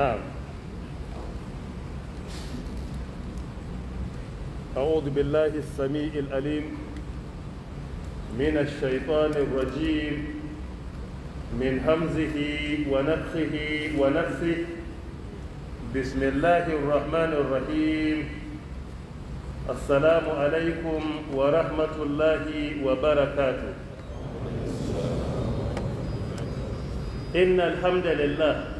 نعم أعوذ بالله السميع الأليم من الشيطان الرجيم من همزه ونفخه ونفسه بسم الله الرحمن الرحيم السلام عليكم ورحمة الله وبركاته إن الحمد لله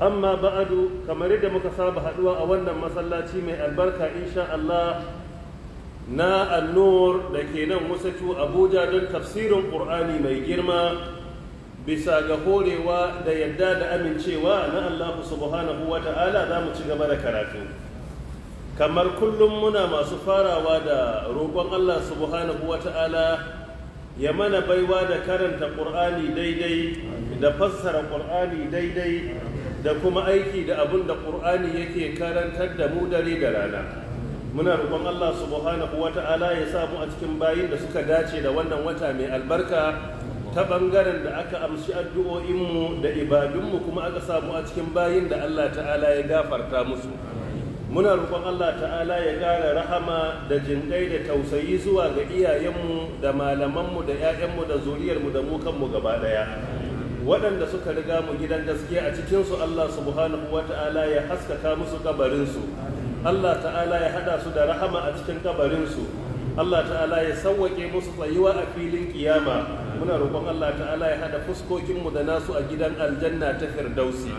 amma ba'adu kamar yadda muka saba haduwa a wannan masallaci mai albarka insha Allah na annur da ke nan wasatu abuja don tafsirin ƙur'ani mai girma bisa ga horewa da yadda da amincewa na allahu subhanahu wa ta'ala za mu ci gaba da karatu kamar kullum muna masu farawa da roƙon allah subhanahu wa ta'ala ya mana baiwa da karanta ƙur'ani daidai da fassara ƙur'ani daidai da kuma aiki da abin da ƙur'ani yake karantar da mu dare da rana muna roƙon Allah subhanahu ta'ala ya sa mu a cikin bayin da suka dace da wannan wata mai albarka ta ɓangaren da aka amshi addu'o'inmu da ibadunmu kuma aka samu a cikin bayin da Allah ta'ala ya gafarta musu muna roƙon Allah ta'ala ya ƙara rahama da jinƙai da tausayi zuwa ga iyayenmu da malamanmu da 'ya'yanmu da zuriyarmu da mu kanmu gaba ɗaya waɗanda suka riga mu gidan gaske a cikinsu Allah subhanahu wa ta'ala ya haskaka musu kabarinsu Allah ta'ala ya haɗa su da rahama a cikin kabarinsu Allah ta'ala ya sauwaƙe musu tsayuwa a filin kiyama muna roƙon Allah ta'ala ya haɗa fuskokinmu da nasu a gidan aljanna ta firdausi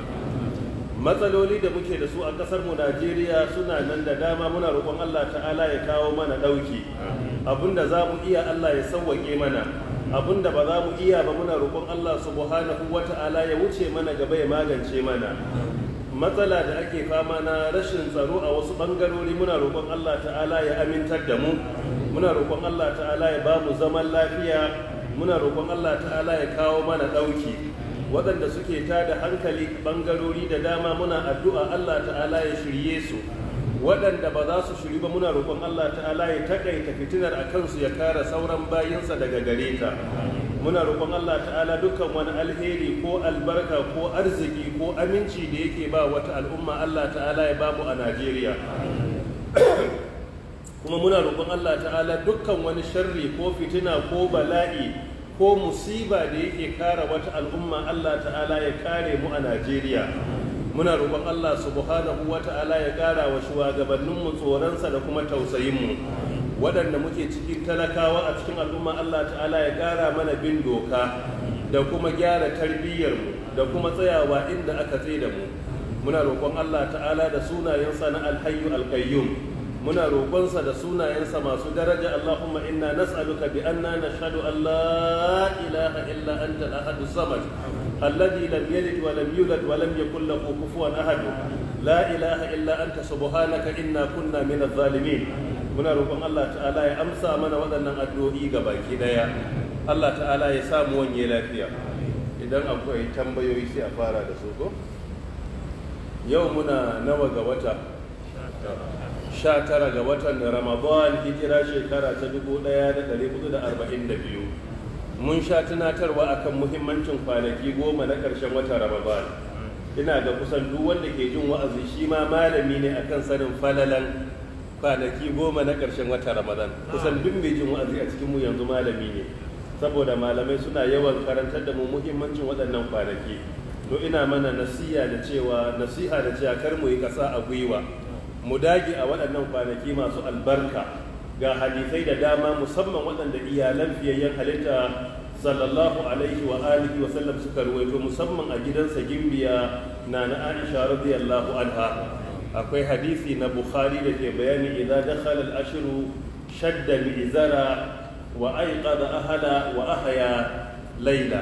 matsaloli da muke da su a mu najeriya suna nan da dama muna roƙon allah ta'ala ya kawo mana ɗauki abinda za mu iya allah ya sauwaƙe mana abinda ba za mu iya ba muna roƙon Allah subhanahu wata'ala ya wuce mana gaba ya magance mana matsala da ake fama na rashin tsaro a wasu bangarori muna roƙon Allah ta'ala ya amintar da mu muna roƙon Allah ta'ala ya ba mu zaman lafiya muna roƙon Allah ta'ala ya kawo mana ɗauki waɗanda suke tada hankali bangarori da dama muna addu'a Allah ta'ala ya shirye su waɗanda ba za su shiri ba muna roƙon Allah ta'ala ya takaita fitinar a kansu ya kara sauran bayinsa daga gare ta muna roƙon Allah ta'ala dukkan wani alheri ko albarka ko arziki ko aminci da yake ba wata al'umma Allah ta'ala ya babu a Najeriya kuma muna roƙon Allah ta'ala dukkan wani sharri ko fitina ko bala'i ko musiba da yake kara wata al'umma Allah ta'ala ya kare mu a Najeriya muna roƙon Allah subhanahu wa ta'ala ya ƙara wa shugabanninmu tsoronsa da kuma tausayinmu waɗanda muke cikin talakawa a cikin al'umma Allah ta'ala ya ƙara mana bin doka da kuma gyara mu, da kuma tsayawa inda aka tsaye da mu muna roƙon Allah ta'ala da sunayensa na alhayyu alqayyum muna roƙonsa da sunayensa masu daraja Allahumma inna nas'aluka bi anna nashhadu an la ilaha illa anta al-ahadu samad الذي لم يلد ولم يولد ولم يكن له كفوا أحد لا إله إلا أنت سبحانك إنا كنا من الظالمين muna roƙon Allah ta'ala ya amsa mana waɗannan addu'o'i ga baki daya Allah ta'ala ya samu wanye lafiya idan akwai tambayoyi sai a fara da su ko yau muna nawa ga wata sha tara ga watan ramadan hijira shekara ta dubu ɗaya da ɗari hudu da arba'in da biyu mun sha tunatarwa akan muhimmancin kwanaki goma na ƙarshen wata ramadan ina ga kusan duk wanda ke jin wa'azi shi ma malami ne akan sanin falalan kwanaki goma na ƙarshen wata ramadan kusan duk mai jin wa'azi a cikin mu yanzu malami ne saboda malamai suna yawan karantar da mu muhimmancin waɗannan kwanaki to ina mana nasiha da cewa nasiha da cewa kar mu yi ƙasa a gwiwa mu dage a waɗannan kwanaki masu albarka ga hadisai da dama musamman waɗanda iyalan fiyayyen halitta sallallahu alaihi wa alihi wa sallam suka ruwaito musamman a gidansa gimbiya na na aisha radiyallahu anha akwai hadisi na bukhari da ke bayani idan dakhala al-ashru shadda izara wa aiqada ahala wa layla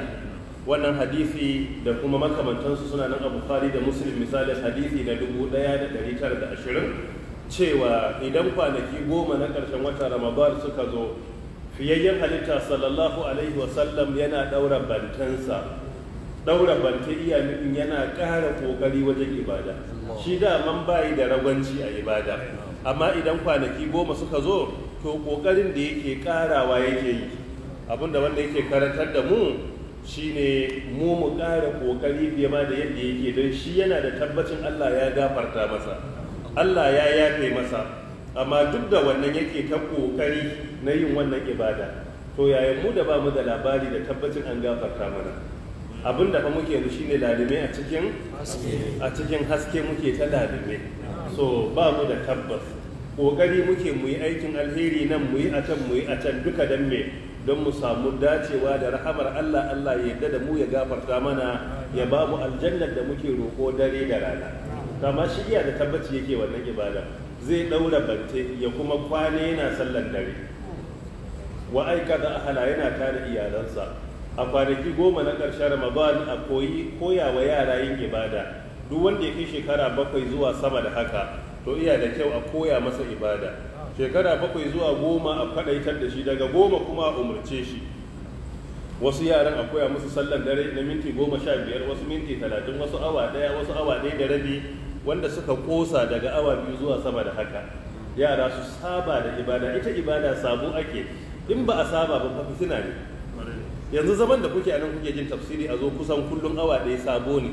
wannan hadisi da kuma makamantansu suna nan a bukhari da muslim misali hadisi na 1920 cewa idan kwanaki goma na ƙarshen watan ramadan suka zo fiyayyen halitta sallallahu alaihi wasallam yana ɗaura bantansa ɗaura banta iya nufin yana ƙara ƙoƙari wajen ibada shi man bayi da ragwanci a ibada amma idan kwanaki goma suka zo to ƙoƙarin da yake ƙarawa yake yi abinda wanda yake karantar da mu shine mu mu ƙara ƙoƙari fiye ma da yadda yake don shi yana da tabbacin allah ya gafarta masa Allah ya yafe masa amma duk da wannan yake ta kokari na yin wannan ibada to yayin mu da ba mu da labari da tabbacin an gafarta mana abin da fa muke shi shine lalime a cikin a cikin haske muke ta lalime so ba mu da tabbas kokari muke mu yi aikin alheri nan mu yi a can mu yi a can duka dan me don mu samu dacewa da rahamar Allah Allah ya yarda da mu ya gafarta mana ya ba mu aljannar da muke roƙo dare da rana to amma shi iya da tabbaci yake wannan ibada zai daura bante ya kuma kwane yana sallar dare wa aika da ahala yana tare iyalansa a kwanaki goma na ƙarshen ramadan a koyi koyawa yara yin ibada duk wanda ya fi shekara bakwai zuwa sama da haka to iya da kyau a koya masa ibada shekara bakwai zuwa goma a kwaɗaitar da shi daga goma kuma a umarce shi wasu yaran a koya musu sallan dare na minti goma sha biyar wasu minti talatin wasu awa ɗaya wasu awa ɗaya da rabi wanda suka kosa daga awa biyu zuwa sama da haka yara su saba da ibada ita ibada sabo ake in ba a saba ba suna ne yanzu zaman da kuke anan kuke jin tafsiri a zo kusan kullum awa ɗaya sabo ne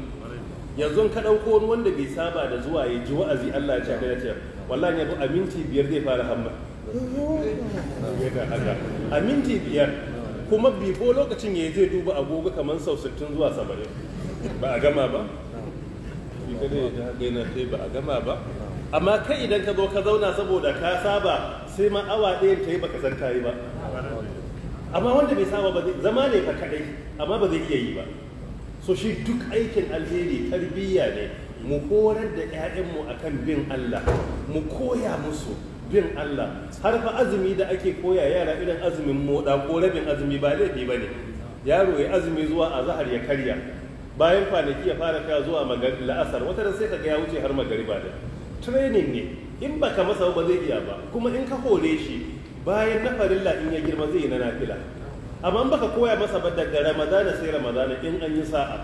yanzu ka ɗauko wani wanda bai saba da zuwa ya ji wa'azi Allah ya ce ya ce wallahi ya a minti biyar zai fara hamma a minti biyar kuma bifo lokacin ya zai duba agogo kamar sau 60 zuwa 70 ba a gama ba ba a gama ba amma kai idan ka zo ka zauna saboda ka saba sai ma awa ɗayan ta yi baka san ta yi ba amma wanda bai saba ba zai zama ne ka kaɗai amma ba zai iya yi ba so shi duk aikin alheri tarbiyya ne mu horar da 'ya'yanmu akan bin Allah mu koya musu bin Allah har fa azumi da ake koya yara irin azumin moda ko rabin azumi ba laifi ba ne yaro ya azumi zuwa a Zahar ya karya bayan kwanaki ya fara kaya zuwa la'asar wata sai ka ga ya wuce har magariba da training ne in baka masa ba zai iya ba kuma in ka hore shi bayan na farilla in ya girma zai yi na nafila amma in baka koya masa ba daga ramadana sai ramadana in an yi sa'a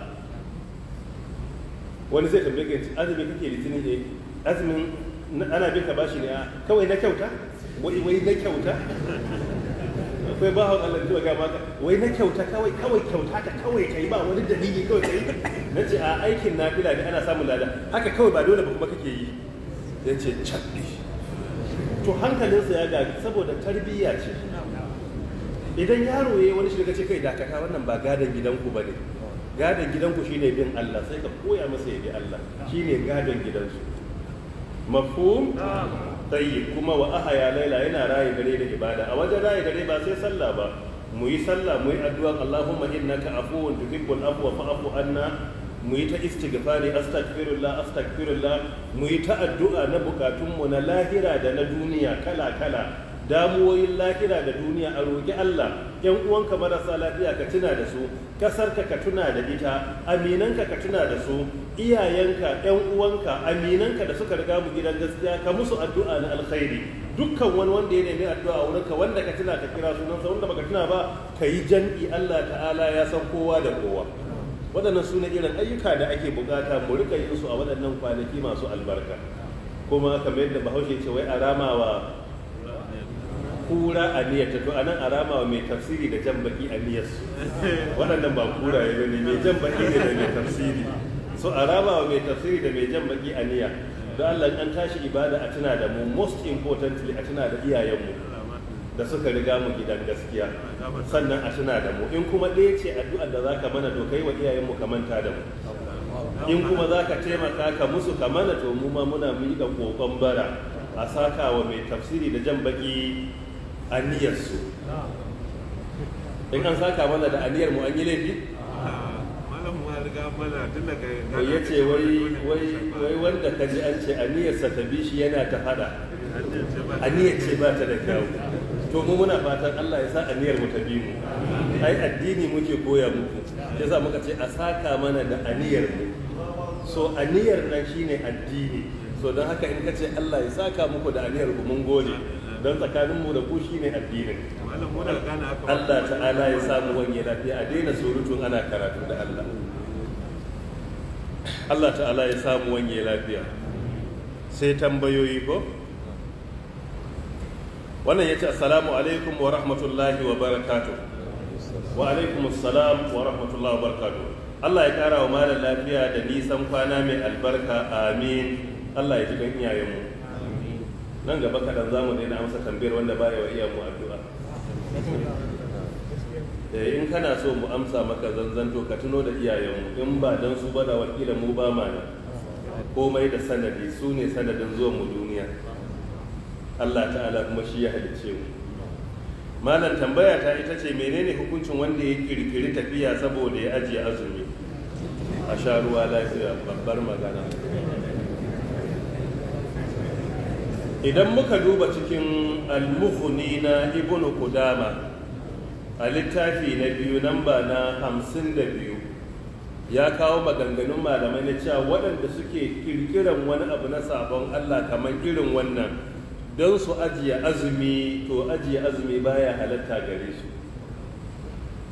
wani zai tambaye ka azumi kake litinin azumin ana bin ka bashi ne ah, kawai na kyauta wai wai na kyauta akwai ba hawan Allah ga baka wai na kyauta kawai kawai kyauta ta kawai kai ba wani dalili kawai kai na ce a ah, aikin nafila ne ana samun lada haka kawai ba dole ba kuma kake yi ya ce cabbi to hankalinsa ya gari saboda tarbiyya ce idan yaro ya wani shiga ce kai dakata wannan ba gadon gidanku ba ne gadon gidanku shine bin Allah sai ka koya masa ya bi Allah shine gadon gidansu mafhum ah. tayyib kuma wa ahaya laila yana raye gare da ibada a wajen raye dare ba sai sallah ba mu yi sallah mu yi addu'a Allahumma innaka afuwun tuhibbul afwa fa'fu anna mu yi ta istighfari astaghfirullah astaghfirullah mu yi ta addu'a na bukatunmu na lahira da na duniya kala kala damuwoyin lahira da duniya a roki Allah yan uwanka marasa lafiya ka tuna da su kasarka ka tuna da ita aminanka ka tuna da su iyayenka yan uwanka aminanka da suka riga mu gidan gaskiya ka musu addu'a na alkhairi dukkan wani wanda ya nemi addu'a wurin ka wanda ka tuna ka kira sunansa wanda baka tuna ba ka yi jan'i Allah ta'ala ya san kowa da kowa waɗannan su ne irin ayyuka da ake bukata mu rika yin su a waɗannan kwanaki masu albarka kuma kamar yadda bahaushe ce wai a ramawa kura a niyyata to anan arama wa mai tafsiri da jan baki a niyyarsu waɗannan ba kura ya ne mai jan baki ne da mai tafsiri so arama wa mai tafsiri da mai jan baki a niyya don Allah an tashi ibada a tuna da mu most importantly a tuna da iyayenmu da suka riga mu gidan gaskiya sannan a tuna da mu in kuma ɗaya ce addu'ar da zaka mana to kai wa iyayenmu ka manta da mu in kuma za ka taimaka ka musu ka mana to mu ma muna miƙa ƙoƙon bara a saka wa mai tafsiri da jan baki aniyarsu in an saka mana da aniyar mu an yi laifi da ya ce wai wanda ka ji an ce aniyarsa ta bi shi yana ta hada aniyar ce ba ta da kyau. to mu muna fatan Allah ya sa aniyar mu ta bi mu ai addini muke koya muku sa muka ce a saka mana da aniyar mu so aniyar nan shine addini so don haka in ka ce Allah ya saka muku da aniyar ku mun gode don tsakanin mu da ku shi ne addinin Allah ta'ala ya samu wani lafiya a daina surutun ana karatu da Allah Allah ta'ala ya samu wani lafiya sai tambayoyi ko wannan ya ce assalamu alaikum wa rahmatullahi wa barakatu wa alaikum assalam wa rahmatullahi wa barakatu Allah ya kara wa malam lafiya da nisan kwana mai albarka amin Allah ya ji kan iyayenmu nan gaba kaɗan za mu daina amsa tambayar wanda ba ya iya mu addu'a da eh, in kana so mu amsa maka zanzanto ka tuno da iyayenmu in ba don su ba da wakilin mu ba ma ne. komai da sanadi su ne sanadin zuwan mu duniya Allah ta'ala kuma shi ya halicce mu malam tambaya ta ita ce menene hukuncin wanda ya kirkiri tafiya saboda ya ajiye azumi a sha ruwa lafiya babbar magana idan muka duba cikin almuhuni na ibn kudama a littafi na biyu namba na hamsin da biyu ya kawo maganganun malamai na cewa waɗanda suke kirkiran wani abu na sabon allah kamar irin wannan don su ajiye azumi to ajiye azumi baya halatta gare su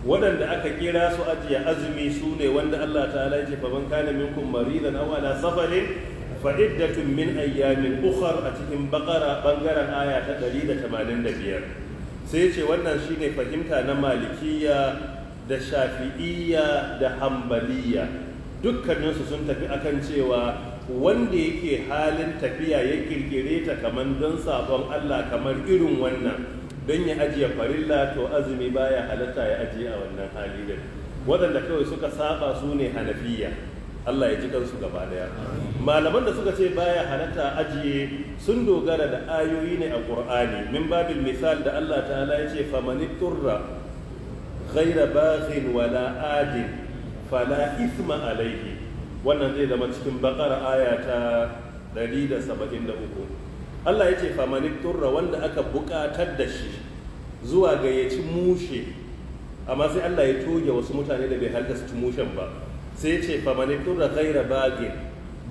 waɗanda aka kira su ajiye azumi su ne wanda allah ta halarci faman kana minkum maridan aw safarin fa'iddatun min ayyamin ukhar a cikin bakara bangaren aya ta da da biyar. sai ce wannan shine fahimta na malikiya da shafi'iyya da hambaliya dukkaninsu sun tafi akan cewa wanda yake halin tafiya ya kirkire ta kamar don sabon Allah kamar irin wannan don ya ajiye farilla to azumi baya halatta ya ajiye a wannan hali da waɗanda kawai suka saba su ne hanafiya Allah ya ji kansu gaba daya malaman da suka ce baya halatta ajiye sun dogara da ayoyi ne a Qur'ani min babil misal da Allah ta'ala ya ce famanit turra ghayra baghin wala adin fala isma alayhi wannan zai zama cikin bakar aya ta 173 Allah ya ce famanit turra wanda aka bukatar da shi zuwa gayyaci mushe amma sai Allah ya toge wasu mutane da bai halka su mushen ba sai ce fa man ibtura ghaira bagin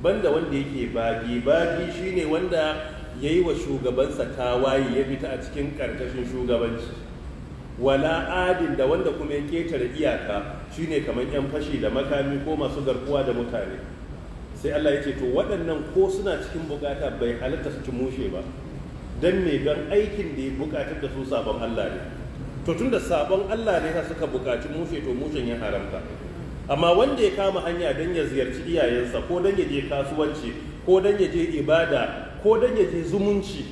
banda wanda yake bagi bagi shine wanda yayi wa shugabansa tawaye ya fita a cikin karkashin shugabanci wala adin da wanda kuma ya ketare iyaka shine kamar yan fashi da makami ko masu garkuwa da mutane sai Allah ya ce to waɗannan ko suna cikin bukata bai halatta su ci mushe ba dan me dan aikin da ya bukata da su sabon Allah ne to tunda sabon Allah ne suka bukaci mushe to mushen ya haramta amma wanda ya kama hanya don ya ziyarci iyayensa ko don ya je kasuwanci ko don ya je ibada ko don ya je zumunci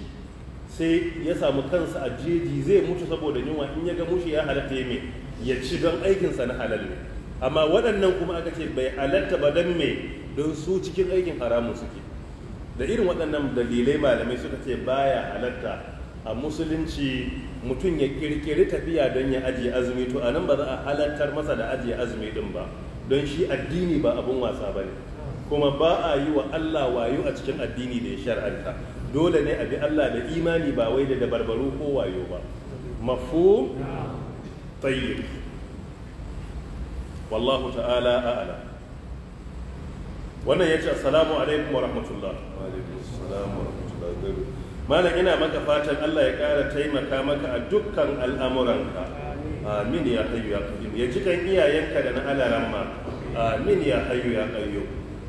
sai ya samu kansa a jeji zai mutu saboda yunwa in ya ga mushi ya halatta ya ya ci don aikinsa na halal ne amma waɗannan kuma aka ce bai halatta ba don mai don su cikin aikin haramun suke da irin waɗannan dalilai malamai suka ce baya halatta a musulunci mutum ya ƙirƙiri tafiya don ya ajiye azumi to anan ba za a halattar masa da ajiye azumi din ba don shi addini ba abun wasa ba ne kuma ba a yi wa Allah wayo a cikin addini da ya shar'anta dole ne a bi Allah da imani ba wai da dabarbaru ko wayo ba mafu tayyib wallahu ta'ala a'ala wannan yace assalamu alaikum wa rahmatullah wa alaikum wa rahmatullah malam ina maka fatan Allah ya kara taimaka maka a dukkan al'amuranka amin ya hayu ya qayyum ya ji kan iyayenka da na ma amin ya hayu ya qayyum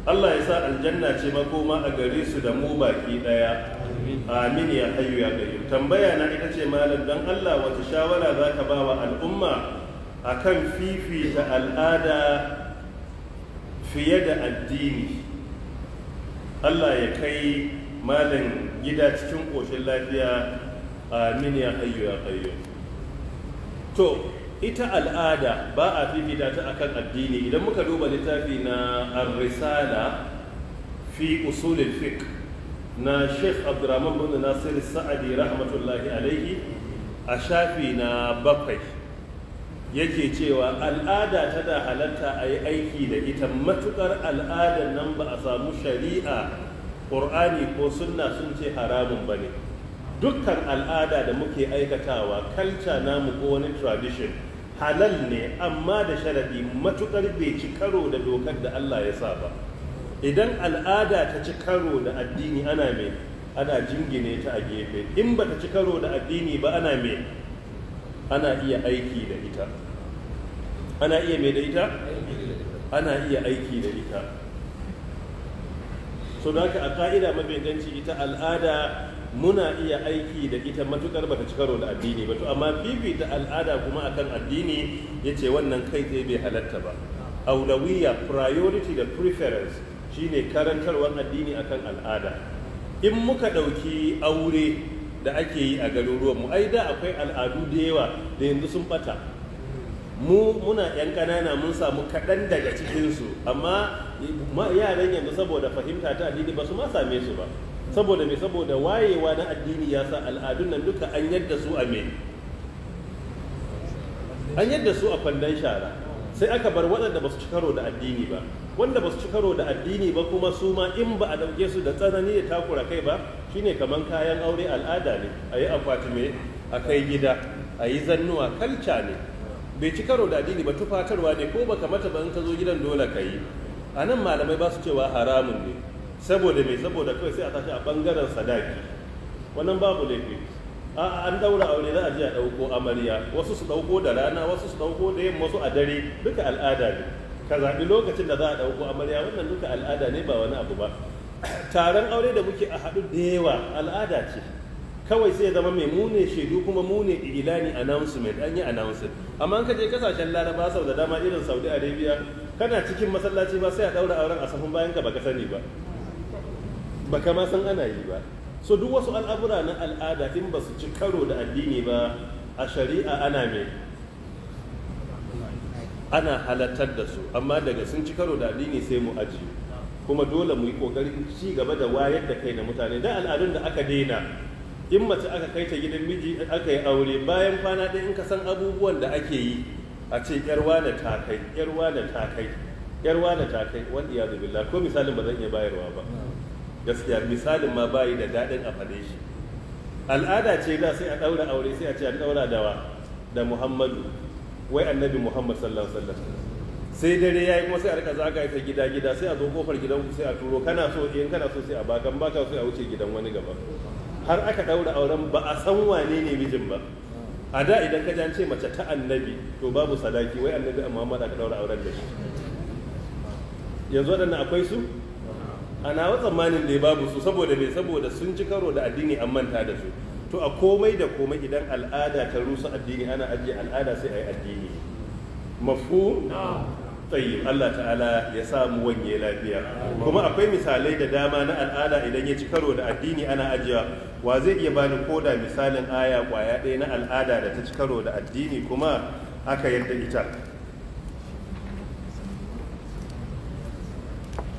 Allah ya sa aljanna ce makoma a gare su da mu baki daya amin ya hayu ya qayyum tambaya na ita ce malam dan Allah wata shawara zaka ba wa al'umma akan fifita al'ada fiye da addini Allah ya kai malam gida cikin koshin lafiya amin ya hayu ya qayyum to ita al'ada ba a fi fifita ta akan addini idan muka duba littafi na ar fi usulin fik na Sheikh Abdurrahman bin Nasir Sa'adi rahmatullahi alaihi a shafi na bakwai yake cewa al'ada tana halatta a yi aiki da ita matukar al'adar nan ba a samu shari'a ƙur'ani ko sunna sun ce haramun ba ne dukkan al'ada da muke aikatawa kalca namu ko wani tradition halal ne amma da sharadi matukar bai ci karo da dokar da Allah ya sa ba idan al'ada ta ci karo da addini ana mai ana jingine ta a gefe in ba ta ci karo da addini ba ana mai ana iya aiki da ita ana iya mai da ita ana iya aiki da ita so da haka a ka'ida mabanganci ita al'ada muna iya aiki da ita matukar bata ci karo da addini ba to amma da al'ada kuma akan addini ya ce wannan kai tsaye bai halatta ba aulawiya priority da preference shine karantarwar addini akan al'ada in muka ɗauki aure da ake yi a garuruwanmu ai da akwai al'adu da yawa da yanzu sun bata mu muna 'yan kanana mun samu kaɗan daga cikinsu amma yaran yanzu saboda fahimta ta addini ba su ma same su ba saboda me saboda wayewa na addini ya sa al'adun nan duka an yadda su a me an yadda su a kwandon shara sai aka bar waɗanda ba su ci karo da addini ba wanda ba su ci karo da addini ba kuma su ma in ba a ɗauke su da tsanani da takura kai ba shine kamar kayan aure al'ada ne a yi akwati mai a kai gida a yi zannuwa kalca ne bai ci karo da addini ba tufatarwa ne ko baka mata ba in ka zo gidan dole ka yi a nan malamai ba su cewa haramun ne saboda mai saboda kawai sai a tashi a bangaren sadaki wannan babu laifi a an daura aure za a je a dauko amarya wasu su dauko da rana wasu su dauko da yamma wasu a dare duka al'ada ne ka zaɓi lokacin da za a dauko amarya wannan duka al'ada ne ba wani abu ba taron aure da muke a haɗu da yawa al'ada ce kawai sai zama mai mune shaidu kuma mune ilani announcement an yi announcement amma ka je kasashen laraba sau da dama irin saudi arabia kana cikin masallaci ba sai a daura auren a safin bayan ka baka sani ba baka ma san ana yi ba so duk wasu al'amura na al'ada in ba su ci karo da addini ba a shari'a ana me ana halartar da su amma daga sun ci karo da addini sai mu aji kuma dole mu yi kokarin ci gaba da wayar da kai na mutane da al'adun da aka daina in mace aka kai ta gidan miji aka yi aure bayan kwana ɗaya in ka san abubuwan da ake yi a ce yarwa ta kai yarwa ta kai ta kai wani ya zubi ko misalin ba zan iya bayarwa ba gaskiya misalin ma bayi da daɗin a fade shi al'ada ce da sai a ɗaura aure sai a ce an ɗaura dawa da muhammadu wai annabi muhammad sallallahu alaihi wasallam sai dare yayi kuma sai a rika zaga ta gida gida sai a zo kofar gidan ku sai a turo kana so eh, in kana so sai a baka in baka so a wuce gidan wani gaba har aka ɗaura auren ba a san wane ne mijin ba a da idan ka an mace ta annabi to babu sadaki wai annabi muhammad aka ɗaura auren da shi yanzu waɗannan akwai su ana wa tsammanin da ya babu su saboda mai saboda sun ci karo da addini an manta da su to a komai da komai idan al'ada ta rusa addini ana ajiye al'ada sai a yi addini mafu tsayi Allah ta'ala ya samu wanye lafiya kuma akwai misalai da dama na al'ada idan ya ci karo da addini ana ajiya wa zai iya bani koda misalin aya kwaya ɗaya na al'ada da ta ci karo da addini kuma aka yadda ita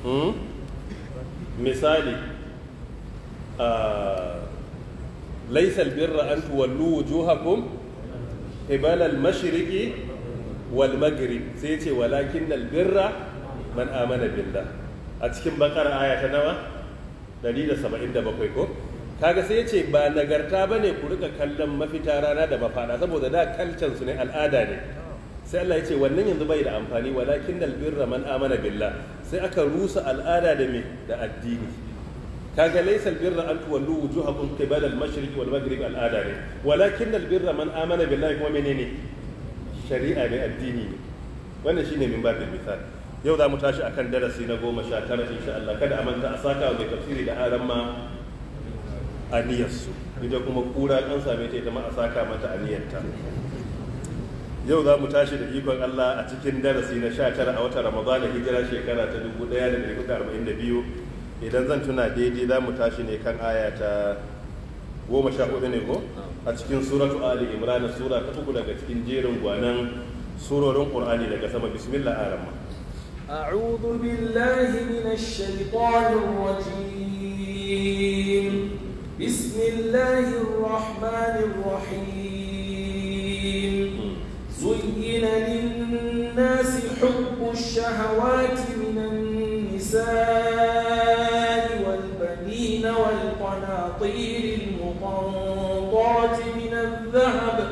hmm? misali laisa birra an tuwallu wujuhakum qibala al-mashriqi wal maghrib sai ce walakin Birra, man amana billah a cikin bakar aya ta nawa 177 ko kaga sai ce ba nagarta bane ku rika kallon mafita rana da mafada saboda da kalcan su ne al'ada ne sai Allah ya ce wannan yanzu bai da amfani walakin dal birra man amana billah sai aka rusa al'ada da me da addini kaga laysa al birra an tuwallu wujuhakum qibala al mashriq wal maghrib al'ada ne walakin dal birra man amana billahi kuma menene shari'a ne addini ne wannan shine min babin misal yau za mu tashi akan darasi na goma sha tara insha Allah kada a manta a saka mai tafsiri da aran ma aniyarsu ita kuma kura kan same ta ita ma a saka mata aniyarta yau za mu tashi da ikon Allah a cikin darasi na 19 a watan Ramadan hijira shekara ta 1442 idan zan tuna daidai za mu tashi ne kan aya ta goma sha hudu ne ko a cikin suratu ali imran sura ta uku daga cikin jerin gwanan surorin qur'ani daga sama bismillah arama a'udhu billahi minash shaitanir rajim bismillahir rahmanir rahim زين للناس حب الشهوات من النساء والبنين والقناطير المقنطرة من الذهب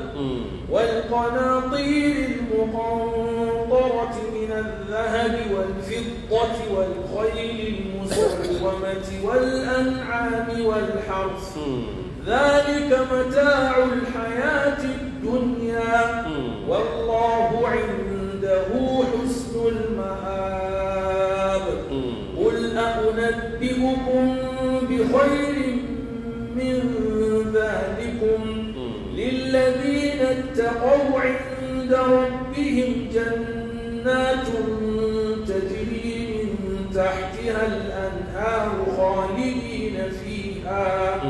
والقناطير المقنطرة من الذهب والفضة والخيل المسومة والأنعام والحرث ذلك متاع الحياة الدنيا الدنيا والله عنده حسن المآب قل أنبئكم بخير من ذلكم للذين اتقوا عند ربهم جنات تجري من تحتها الأنهار خالدين فيها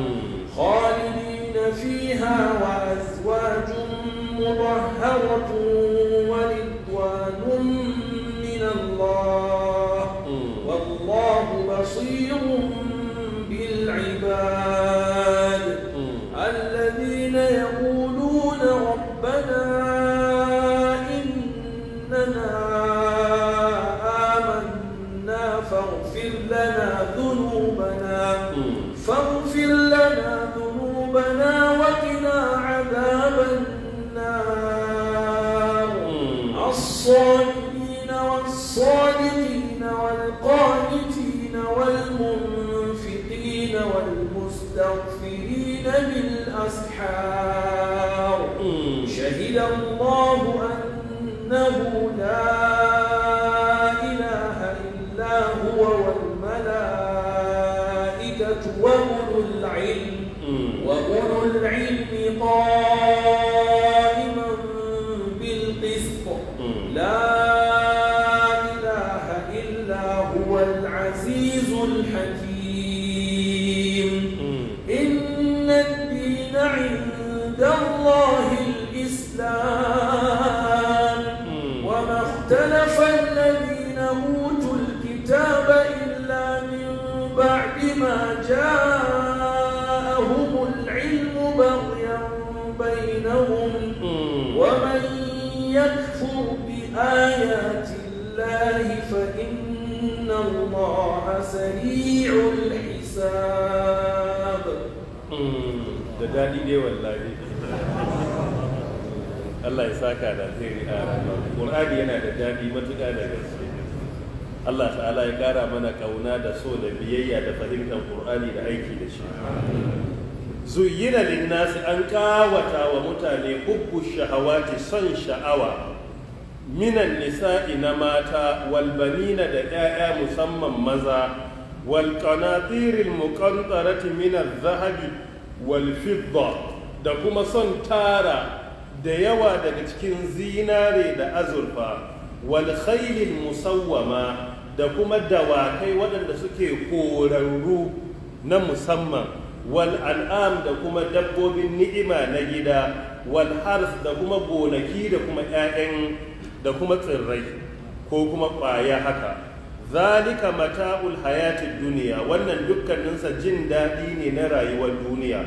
خالدين فيها فإن الله سريع الحساب hmm, da daɗi ne wallahi Allah ya saka da alheri a Qur'ani yana da daɗi matuƙa da gaske Allah ta'ala ya ƙara mana kauna da so da biyayya da fahimtar Qur'ani da aiki da shi zuyyina linnasi an kawata wa mutane hubbu shahawati son sha'awa minan nisa'i na mata walbanina da 'ya'ya musamman maza والقناطير المقنطرة من zahabi, والفضة da kuma son tara da yawa daga cikin zinare da azurfa wal musawwama da kuma dawakai waɗanda suke korarru na musamman wal an'am da kuma dabbobin ni'ima na gida wal hars da kuma gonaki da kuma 'ya'yan da kuma tsirrai ko kuma ƙwaya haka zalika mata'ul hayati duniya wannan dukkaninsa jin daɗi ne na rayuwar duniya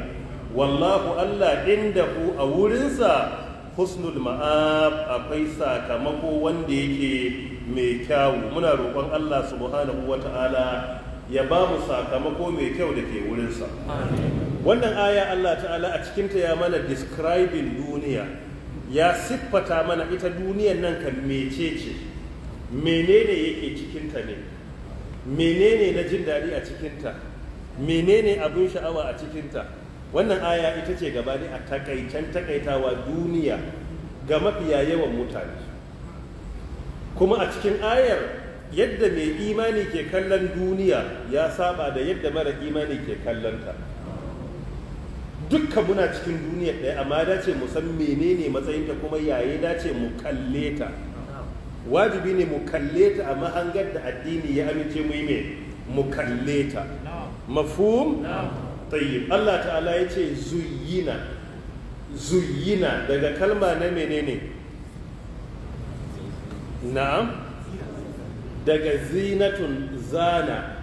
wallahu Allah inda ku a wurinsa husnul ma'ab akwai sakamako wanda yake mai kyawu muna roƙon Allah subhanahu wata'ala ya ba mu sakamako mai kyau da ke wurinsa wannan aya Allah ta'ala a cikinta ya mana describing duniya ya siffata mana ita duniyan nan kan mecece menene yake cikinta ne menene na jin daɗi a cikinta menene abin sha'awa a cikinta wannan aya ita ce gaba ne a takaicen takaitawa duniya ga mafiya yawan mutane kuma a cikin ayar yadda mai imani ke kallon duniya ya saba da yadda mara imani ke kallonta. Dukka muna cikin duniya ɗaya amma dace mu san menene matsayinta kuma yaye dace mu kalle ta wajibi ne mu kalle ta a mahangar da addini ya amince mu yi mai mu kalle ta mafhum tayyib Allah ta'ala ya ce zuyina zuyina daga kalma na menene na'am daga zinatun zana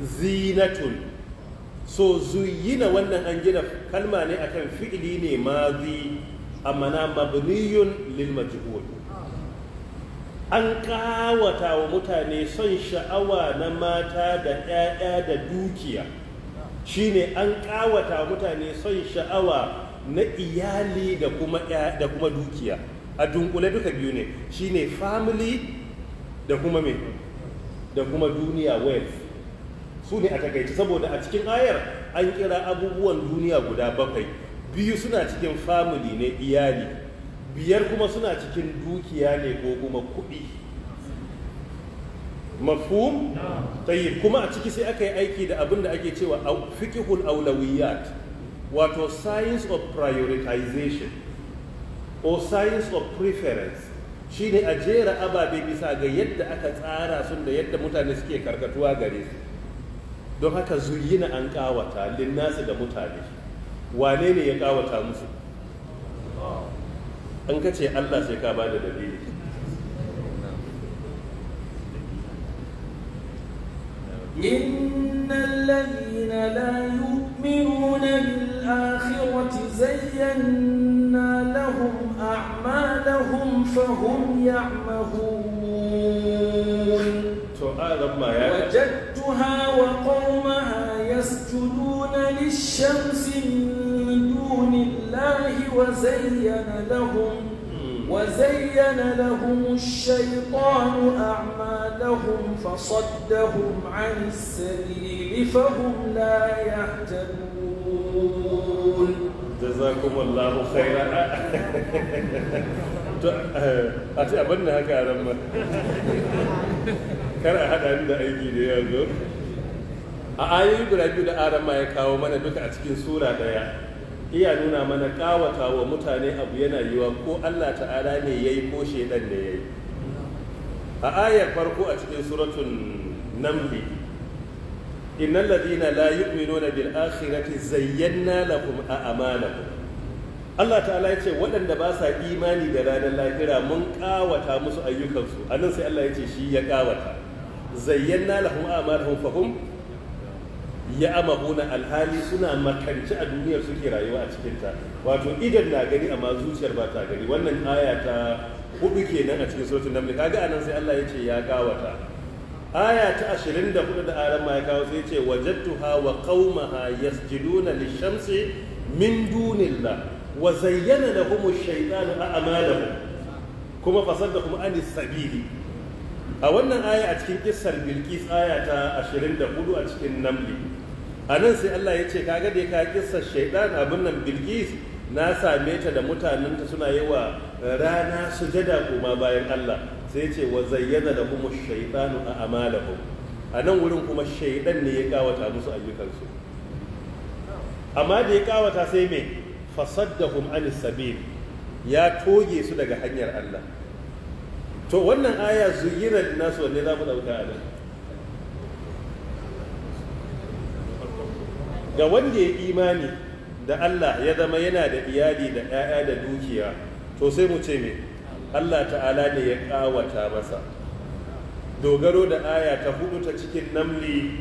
zinatun so zuyina wannan an gina kalma ne akan fi'ili ne mazi amma na mabniyun lil majhul an kawata wa mutane son sha'awa na mata da 'ya'ya da dukiya shine an kawata wa mutane son sha'awa na iyali da kuma dukiya a dunkule duka biyu ne shine family da kuma me da kuma duniya wealth su ne a takaice saboda a cikin ayar an kira abubuwan duniya guda bakwai biyu suna cikin famili ne iyali biyar kuma suna cikin dukiya ne ko kuma kuɗi mafhum yi kuma a ciki sai aka yi aiki da abin da ake cewa fiqhul aulawiyat wato science of prioritization or science of preference shine a jera ababe bisa ga yadda aka tsara sun da yadda mutane suke karkatuwa gare su don haka zuyina an ƙawata linnasi da mutane wane ne ya ƙawata musu an ka ce allah sai ka ba da dalili إن الذين لا يؤمنون بالآخرة زينا لهم أعمالهم فهم يعمهون وجد زوجها وقومها يسجدون للشمس من دون الله وزين لهم وزين لهم الشيطان أعمالهم فصدهم عن السبيل فهم لا يهتدون جزاكم الله خيرا أه، أتأملنا كارما kar a haɗa ni da aiki da ya zo a ayoyi guda biyu da arama ya kawo mana duka a cikin sura ɗaya iya nuna mana kawata wa mutane abu yana yiwa ko allah ta'ala ne ya yi ko shaidan da ya yi a ayar farko a cikin suratun namli inna ladina la na bil akhirati zayyana a a'malahum Allah ta'ala ya ce waɗanda ba sa imani da ranar lahira mun kawata musu ayyukansu a nan sai Allah ya ce shi ya kawata. zayyana lahum a'malahum fahum ya amahuna alhali suna makanci a duniyar suke rayuwa a cikinta wato idon na gani amma zuciyar ba ta gani wannan aya ta hudu kenan a cikin sautin namli kaga anan sai Allah ya ce ya kawata aya ta 24 da aran ma ya kawo sai ya ce wajadtuha wa qaumaha yasjuduna lishamsi min dunillah wa zayyana lahum ash-shaytanu a'malahum kuma fasadda kuma anis sabili a wannan aya a cikin kissar bilkis aya ta 24 a cikin namli a nan sai Allah ya ce kaga da ka kissar shaidan abin nan bilkis na same ta da mutanenta suna yi wa rana sujada kuma bayan Allah sai ce wa zayyana da kuma shaidanu a amalahum a nan wurin kuma shaidan ne ya kawata musu ayyukansu amma da ya kawata sai mai fasaddahum anis sabil ya toge su daga hanyar Allah to wannan aya na nasu wanne za mu ɗauka a ga wanda ya imani da Allah ya zama yana da iyali da 'ya'ya da dukiya to sai mu ce me Allah ta'ala ne ya kawata masa dogaro da aya ta hudu ta cikin namli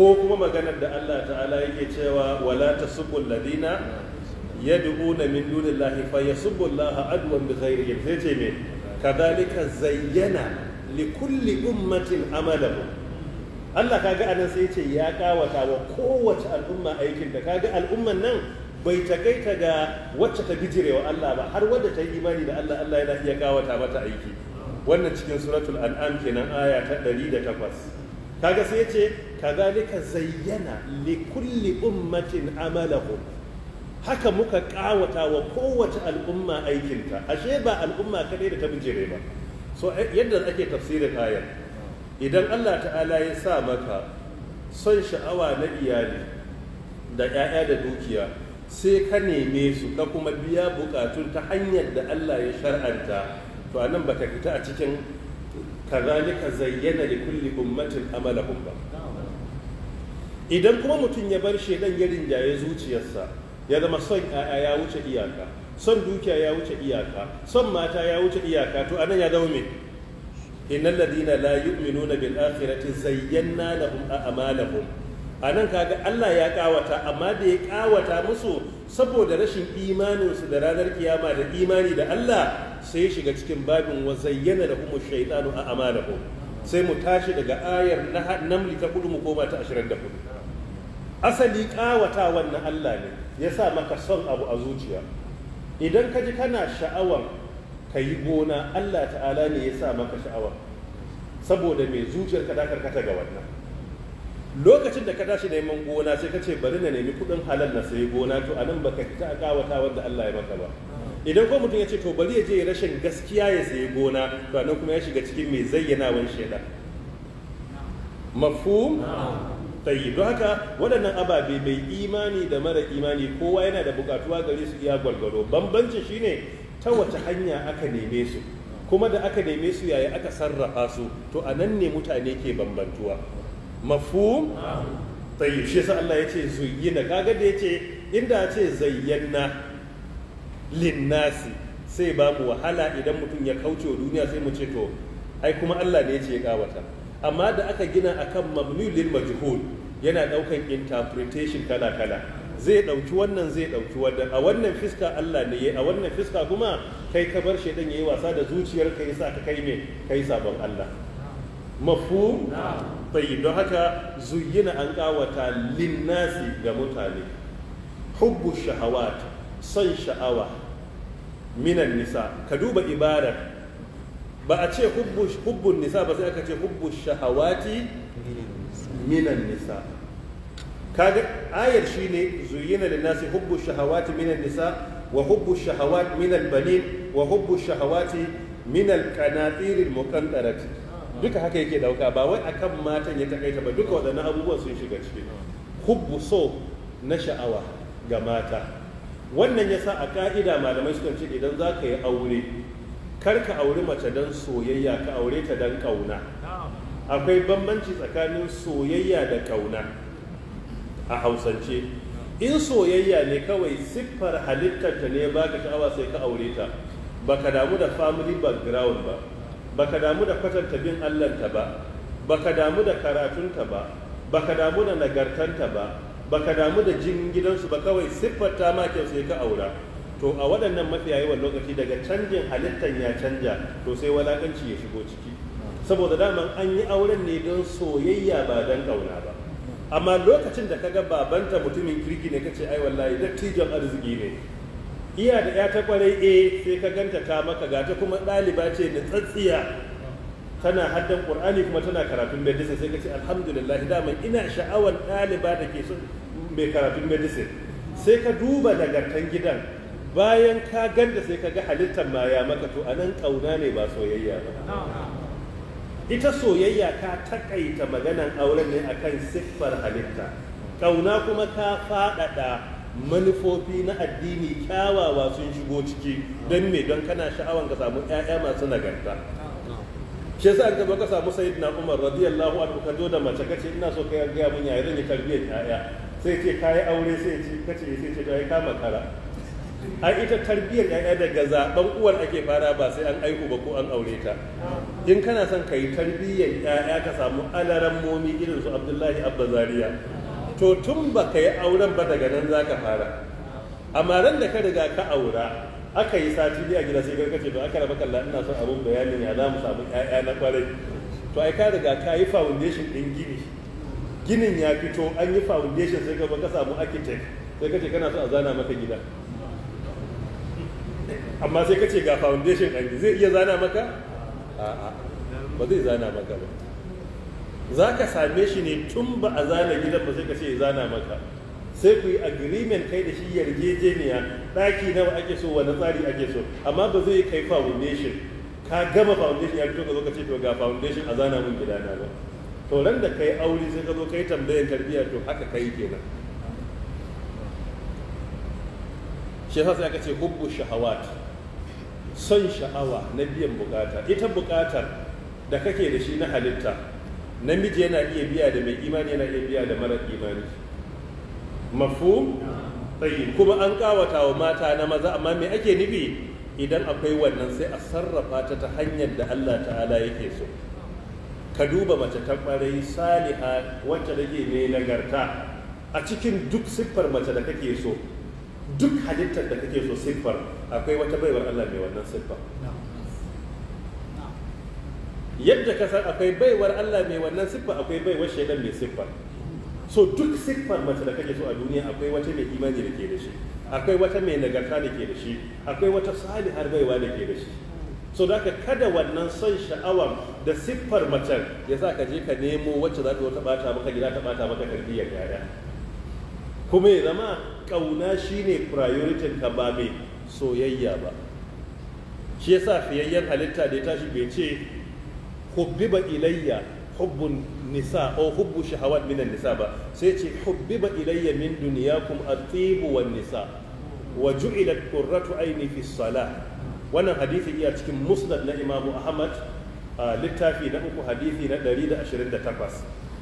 ko kuma maganar da Allah ta'ala yake cewa wala tasubbul ladina yad'una min dunillahi fa yasubbullaha adwan bi ghairi sai ce me kadhalika zayyana li kulli ummatin amalahu Allah kaga anan sai ce ya kawata wa kowace al'umma aikin da kaga al'umman nan bai takaita ga wacce ta wa Allah ba har wadda ta yi imani da Allah Allah yana iya kawata mata aiki wannan cikin suratul an'am kenan aya ta 108 kaga sai yace kadhalika zayyana li kulli ummatin amalahum haka muka kawata wa kowace al'umma aikinta ashe ba al'umma kadai da ta bijire ba so eh, yadda ake tafsirin ayar idan Allah ta'ala ya sa maka son sha'awa na iyali da 'ya'ya da dukiya sai ka neme su ka kuma biya bukatun ta hanyar da Allah ya shar'anta to a nan baka fita a cikin kazalika zayyana li kulli ummatin amalahum ba idan kuma mutum ya bar shedan ya rinjaye zuciyarsa ya zama son ya'ya ya wuce iyaka son dukiya ya wuce iyaka son mata ya wuce iyaka to anan ya zama me innal ladina la yu'minuna bil akhirati zayyana lahum a'malahum anan kaga Allah ya kawata amma da ya kawata musu saboda rashin imaninsu da ranar kiyama da imani da Allah sai shiga cikin babin wa zayyana lahum ash-shaytanu a'malahum sai mu tashi daga ayar na namli ta kudu mu koma ta 24 asali kawata wannan Allah ne ya sa maka son abu a zuciya idan ka ji kana sha'awar ka yi gona allah ta'ala ne ya sa maka sha'awar saboda mai zuciyar ka kata ga wannan lokacin da ka tashi neman gona sai ka ce bari na nemi kudin halal na sayi gona to anan baka fita a kawata wanda allah ya maka ba idan ko mutum ya ce to bari ya je rashin gaskiya ya sayi gona to anan kuma ya shiga cikin mai zayyana wani shaidan mafhum tayyib don haka waɗannan ababe mai imani da mara imani kowa yana da bukatuwa gare su iya gwargwaro shi shine ta wace hanya aka neme su kuma da aka neme su yaya aka sarrafa su to a nan ne mutane ke bambantuwa mafhum tayyib shi yasa Allah yace na kaga da yace inda ce zayyana linnasi sai babu wahala idan mutum ya kauce duniya sai mu ce to ai kuma Allah ne yace ya kawata amma da aka gina a kan mamlilin majhul yana daukan interpretation kala kala zai dauki wannan zai dauki wannan a wannan fiska Allah ne a wannan fiska kuma kai ka bar shedan yayi wasa da zuciyar zuciyarka yasa ka kai me kai sabon Allah mafhum yi don haka zuyyina an kawata linnasi ga mutane hubbu shahawat son sha'awa minan nisa ka duba ibarar ba a ce hubbun nisa ba sai aka ce hubbun shahawati minan nisa kaga ayar shine zuyina da nasi hubbu shahawati minan nisa wa hubbu shahawati minan banin wa hubbu shahawati minan qanatir al duka haka yake dauka ba wai akan matan ya takaita ba duka waɗannan abubuwan sun shiga ciki hubbu so na sha'awa ga mata wannan yasa a ka'ida malamai sukan ce idan za ka yi aure kar ka auri mace don soyayya ka aure ta don kauna akwai bambanci tsakanin soyayya da kauna a hausance in soyayya ne kawai siffar halittarta ne ba baka sha'awa sai ka aure ta Ba ka damu da family background ba Ba ka damu da kwatanta bin allanta ba Ba ka damu da karatunta ba Ba ka damu da nagartanta ba Ba ka damu da jin gidansu ba kawai siffar ta ma sai ka aura to a waɗannan mafiya yawan lokaci daga canjin halittar ya canja to sai walakanci ya shigo ciki saboda daman an yi auren ne don soyayya ba don ƙauna ba amma lokacin da kaga babanta mutumin kirki ne kace ai wallahi dattijon arziki ne iya da ya ta kwarai eh sai ka ganta ta maka ga ta kuma ɗaliba ce da tsatsiya tana haddan qur'ani kuma tana karatun medicine sai kace alhamdulillah daman ina sha'awar ɗaliba da ke son mai karatun medicine sai ka duba tan gidan bayan ka ganda sai ka ga halittar ma ya maka to a nan kauna ne ba soyayya ba ita soyayya ka takaita maganan auren ne a kan siffar halitta kauna kuma ka faɗaɗa manufofi na addini kyawawa sun shigo ciki don me don kana sha'awan ka samu 'ya'ya masu nagarta shi yasa an gaba ka samu sayyidina umar radiyallahu anhu ka zo da mace kace ina so ka gaya mun yayi zan yi tarbiyyar 'ya'ya sai ce yi aure sai ce kace sai ce to ka makara ai ita tarbiyyar yaya daga zaben uwar ake fara ba sai an aiku ba ko an aure ta in kana son ka yi tarbiyyar yaya ka samu alaran momi irin su abdullahi abba zaria to tun ba ka yi auren ba daga nan za ka fara amma ran da ka riga ka aura aka yi sati biya gida sai garkace to aka raba kalla ina son abun bayanin ya za mu samu yaya na kwarai to ai ka riga ka yi foundation din gini ginin ya fito an yi foundation sai ka ka samu architect sai ka ce kana so a zana maka gida amma sai ka ce ga foundation an zai iya zana maka a'a ba zai zana maka ba za ka same shi ne tun ba a zana gidan ba sai ka ce zana maka sai ku yi agreement kai da shi yarjejeniya ɗaki nawa ake so wani tsari ake so amma ba zai kai foundation ka gama foundation ya fito ka zo ka ce to ga foundation a zana mun gidana ba to ran da kai aure sai ka zo kai tambayar tarbiyya to haka kai kenan shi yasa sai aka ce hubbu shahawat son sha'awa na biyan bukata ita bukatar da kake da shi na halitta namiji yana iya biya da mai imani yana iya biya da mara imani mafu tsayi kuma an kawata wa mata na maza amma me ake nufi idan akwai wannan sai a sarrafa ta ta hanyar da Allah ta'ala yake so ka duba mace ta kwarai saliha wacce ke mai nagarta a cikin duk siffar mace da kake so duk halittar da kake so siffar akwai wata baiwar Allah mai wannan siffa yadda ka san akwai baiwar Allah mai wannan siffa akwai baiwar shaidan mai siffa so duk siffar mace da kake so a duniya akwai wata mai imani da ke da shi akwai wata mai nagarta da ke da shi akwai wata salihar baiwa da ke da shi so da ka kada wannan son sha'awar da siffar mace ya sa ka je ka nemo wacce za ta wata bata maka gida ta bata maka karbiyar yaya kuma ya zama ƙauna shine priority ka ba mai soyayya ba shi yasa fiyayyar halitta da ya tashi bai ce hubbiba ilayya hubbun nisa o hubbu shahawat minan nisa ba sai ce hubbiba ilayya min duniyakum at-tibu wan nisa wa ju'ilat qurratu aini fi salah wannan hadisi iya cikin musnad na Imam Ahmad a littafi na uku hadisi na 128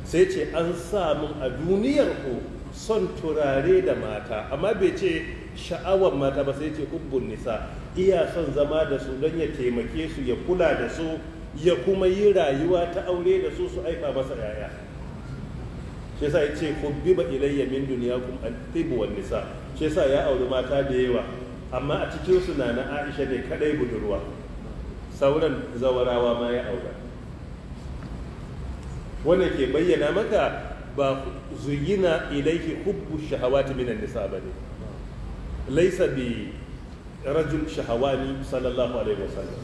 sai ce an sa mun a duniyar ku son turare da mata amma bai ce sha'awar mata ba sai ce hubbun nisa iya son zama da su don ya taimake su ya kula da su ya kuma yi rayuwa ta aure da su su aifa masa yaya shi yasa ya ce ba ilayya min duniyakum at-tibu nisa shi yasa ya auri mata da yawa amma a cikin su na na Aisha ne kadai budurwa sauran zawarawa ma ya aura wannan ke bayyana maka ba zuyina ilaihi hubbu shahawati minan nisa bane laisa bi rajul shahawani sallallahu alaihi wasallam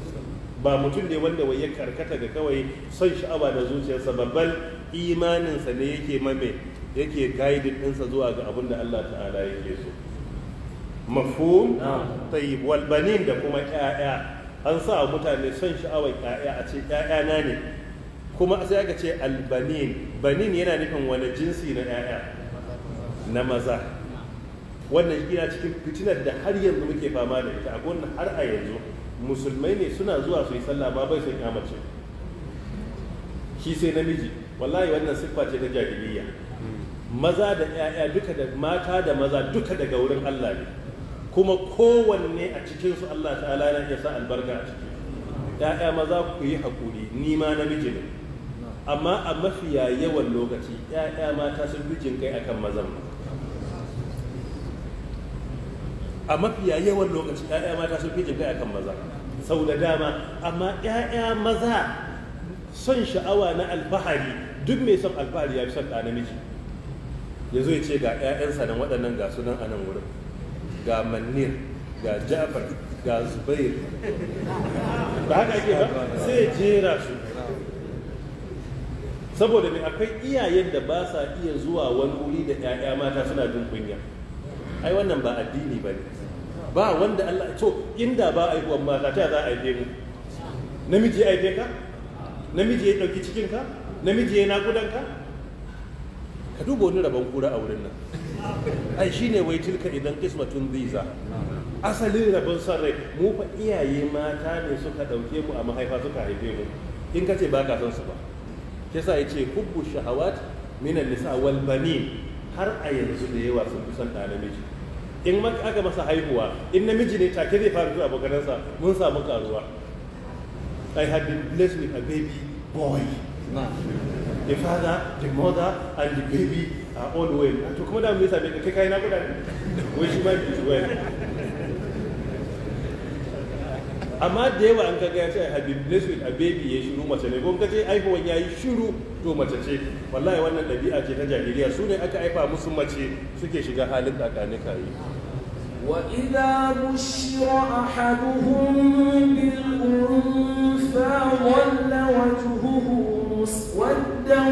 ba mutum ne wanda wai ya karkata ga kawai son sha'awa da zuciyarsa babban imaninsa ne yake mame yake guiding ɗinsa zuwa ga abin da Allah ta'ala yake so mafhum tayyib wal banin da kuma ƴaƴa an sa mutane son sha'awar ƴaƴa a ce ƴaƴa na ne kuma sai aka ce albanin banin yana nufin wani jinsi na 'ya'ya na maza wannan yana cikin fitinar da har yanzu muke fama da ita a har a yanzu musulmai ne suna zuwa su yi sallah ba bai sun kyamace shi sai namiji wallahi wannan siffa ce ta jahiliya maza da 'ya'ya duka da mata da maza duka daga wurin Allah ne kuma kowanne a cikinsu Allah ta'ala ya iya sa albarka a ciki 'ya'ya maza ku yi haƙuri ni ma namiji ne amma a mafiya yawan lokaci ‘ya'ya mata sun fi jin kai akan mazan a mafiya yawan lokaci ‘ya'ya mata sun bijin kai akan maza sau da dama amma ‘ya'ya maza son sha'awa na alfahari duk mai son alfahari ya fi son ɗa namiji ya zo ya ce ga 'ya'yansa nan waɗannan ga sunan a nan wurin ga manir ga jafar ga zubair ba haka ake ba sai jera su saboda mai akwai iyayen da ba sa iya zuwa wani wuri da 'ya'ya mata suna jin kunya ai wannan ba addini ba ne ba wanda Allah to inda ba aihuwan mata ta za a yi mu namiji ya aife ka namiji ya ɗauki cikin ka namiji ya naƙudan ka ka duba wani rabon kura a wurin nan ai shi ne wai tilka idan kismatun ziza asalin rabon son rai mu fa iyaye mata ne suka ɗauke mu a mahaifa suka haife mu in ka ce ba ka son su ba yasa ce hubbu shahawat min nisa wal banin har a yanzu da yawa sun fi son da namiji in ma aka masa haihuwa in namiji ne take zai fara zuwa abokanansa mun samu karuwa I had been blessed with a baby boy. The father, the mother, and the baby are all well. To kuma da mu sabe kai kai na kuɗa Wai shi ma bi zuwa amma da yawa an kaga ya ce have been a baby ya shiru mace ne ko kace aihuwan yi shiru to mace ce wallahi wannan ɗabi'a ce ta jahiliya su ne aka aifa musu mace suke shiga halin tsakanika yi وإذا بشر أحدهم بالأنثى ظل وجهه مسودا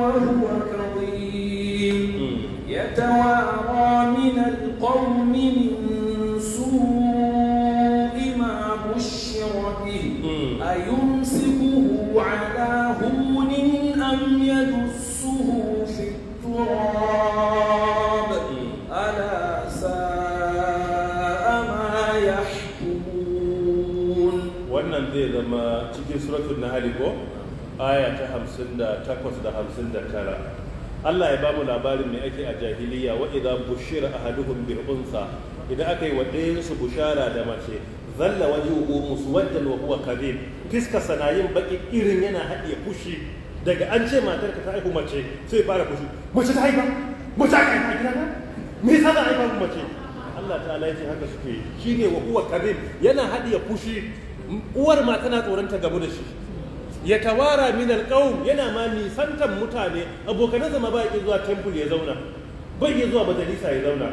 وهو كظيم يتوارى من القوم من suratul nahl ko aya ta hamsin da takwas da da hamsin tara. Allah ya bamu labarin mai ake a jahiliya wa idza bushira ahaduhum bil unsa idan aka yi wa ɗayan su bushara da mace zalla wajhuhu muswaddan wa huwa kadhib fiska sanayin baki irin yana haɗiye fushi daga an ce matar ka ta haihu mace sai fara fushi mace ta haifa mace ta haifa gidana me yasa za a haifa mace Allah ta'ala ya ce haka suke shine wa huwa kadhib yana haɗiye fushi uwar ma tana tsoron ta da shi ya tawara min kau yana ma nisantan mutane abokan zama ba ya zuwa temple ya zauna bai ya zuwa majalisa ya zauna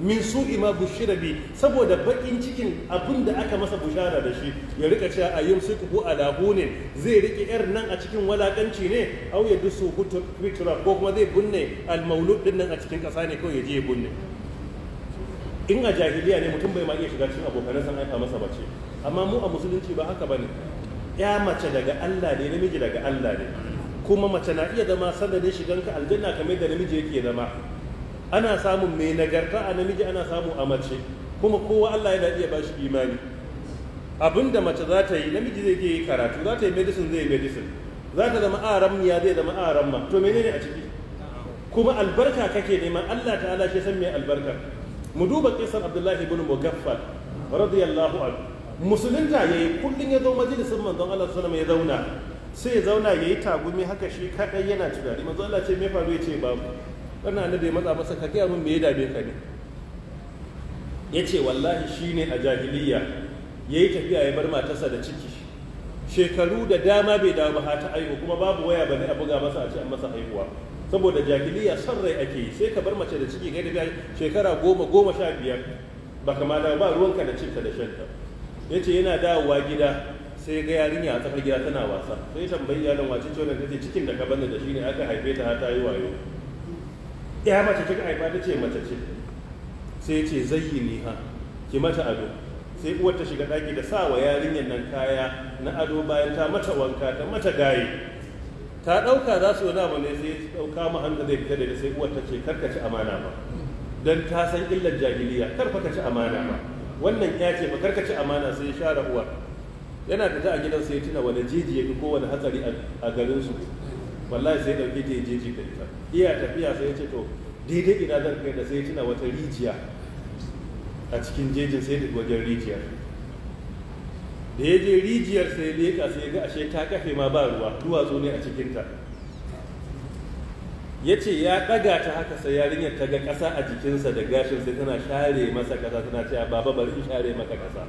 min su ima bushira bi saboda baƙin cikin abin da aka masa bushara da shi ya rika cewa a yi su ko a ne zai rike yar nan a cikin walakanci ne au ya dusu hutu ko kuma zai bunne almaulud din nan a cikin ƙasa ne kawai ya je ya bunne in a jahiliya ne mutum bai ma iya shiga cikin abokan san aika masa bace amma mu a musulunci ba haka bane ya mace daga Allah ne namiji daga Allah ne kuma mace na iya zama sanadin ka aljanna kamar da namiji yake zama ana samun mai nagarta a namiji ana samu a mace kuma kowa Allah yana iya bashi imani abinda mace za ta yi namiji zai je karatu za ta yi medicine zai yi medicine za ta zama ya zai zama ma to menene a ciki kuma albarka kake neman Allah ta'ala shi san mai albarka mu duba kisan Abdullahi ibn Mugaffal radiyallahu anhu musulunta ya yi kullum ya zo majalisar manzon Allah sallama ya zauna sai ya zauna ya yi tagumi haka shi kaɗai yana tunani manzon Allah ce me faru ya ce babu wannan annabi ya matsa masa ka gaya min me ya dame ka ne ya ce wallahi shi ne a jahiliya ya yi tafiya ya bar matarsa da ciki shekaru da dama bai dawo ba ta aihu kuma babu waya ba bane a buga masa a ce an masa haihuwa saboda jahiliya son rai ake yi sai ka bar mace da ciki kai da shekara goma goma sha biyar ba da ba ruwanka da cinta da shanta ya ce yana dawowa gida sai ga yarinya a tsakar gida tana wasa sai tambayi yaron wace ce wannan tace cikin da ka bani da shi ne aka haife ta ta yi wayo ya mace kika haifa ta ce mace ce sai ce zai ni ha ki mata ado sai uwar ta shiga daki da sawa yarinyar nan kaya na ado bayan ta mata wanka ta mata gaye ta dauka za su na bane ne sai dauka mu hannu zai fita da sai uwar ta ce karkaci amana ba dan ta san illar jahiliya karfa ka ci amana ba wannan ya ce bakar ka ci amana sai ya share uwa yana da a sai ya tuna wani jeji ya fi kowane hatsari a garin su wallahi sai dauke ta jeji da ita iya tafiya sai ya ce to daidai ina zan kai da sai ya tuna wata rijiya a cikin jejin sai da wajen rijiyar da ya je rijiyar sai leƙa sai ya ga ashe ta kafe ma ba ruwa duwatsu ne a cikinta ya ce ya ɗaga ta haka sai yarinyar ta ga ƙasa a jikinsa da gashin sai tana share masa ƙasa tana cewa baba bari in share maka ƙasa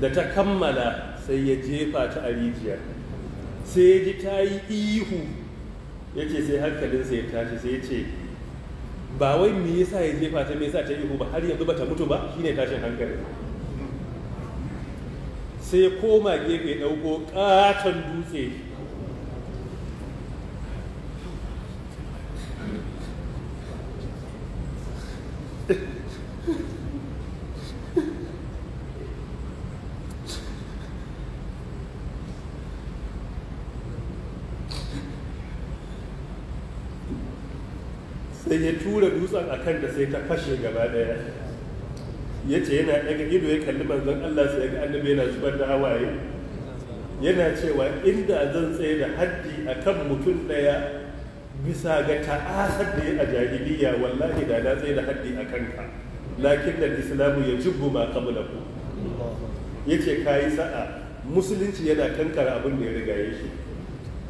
da ta kammala sai ya jefa ta a rijiyar sai ya ji ta yi ihu ya ce sai hankalinsa ya tashi sai ya ce ba wai me yasa ya jefa ta me yasa ta ihu ba har yanzu ba ta mutu ba shine tashin hankali sai ya koma gefe ɗauko ƙaton dutse ya tura dutsen a kanta sai ta fashe gaba daya ya ce yana daga ido ya kalli manzon Allah sai ga annabi yana zubar da hawaye yana cewa inda zan tsaye da haddi a kan mutum daya bisa ga ta'asar da ya a jahiliya wallahi da na tsaye da haddi a kanka lakin da islamu ya jibbu ma kabula ku ya ce ka yi sa'a musulunci yana kankar abin da ya riga ya shi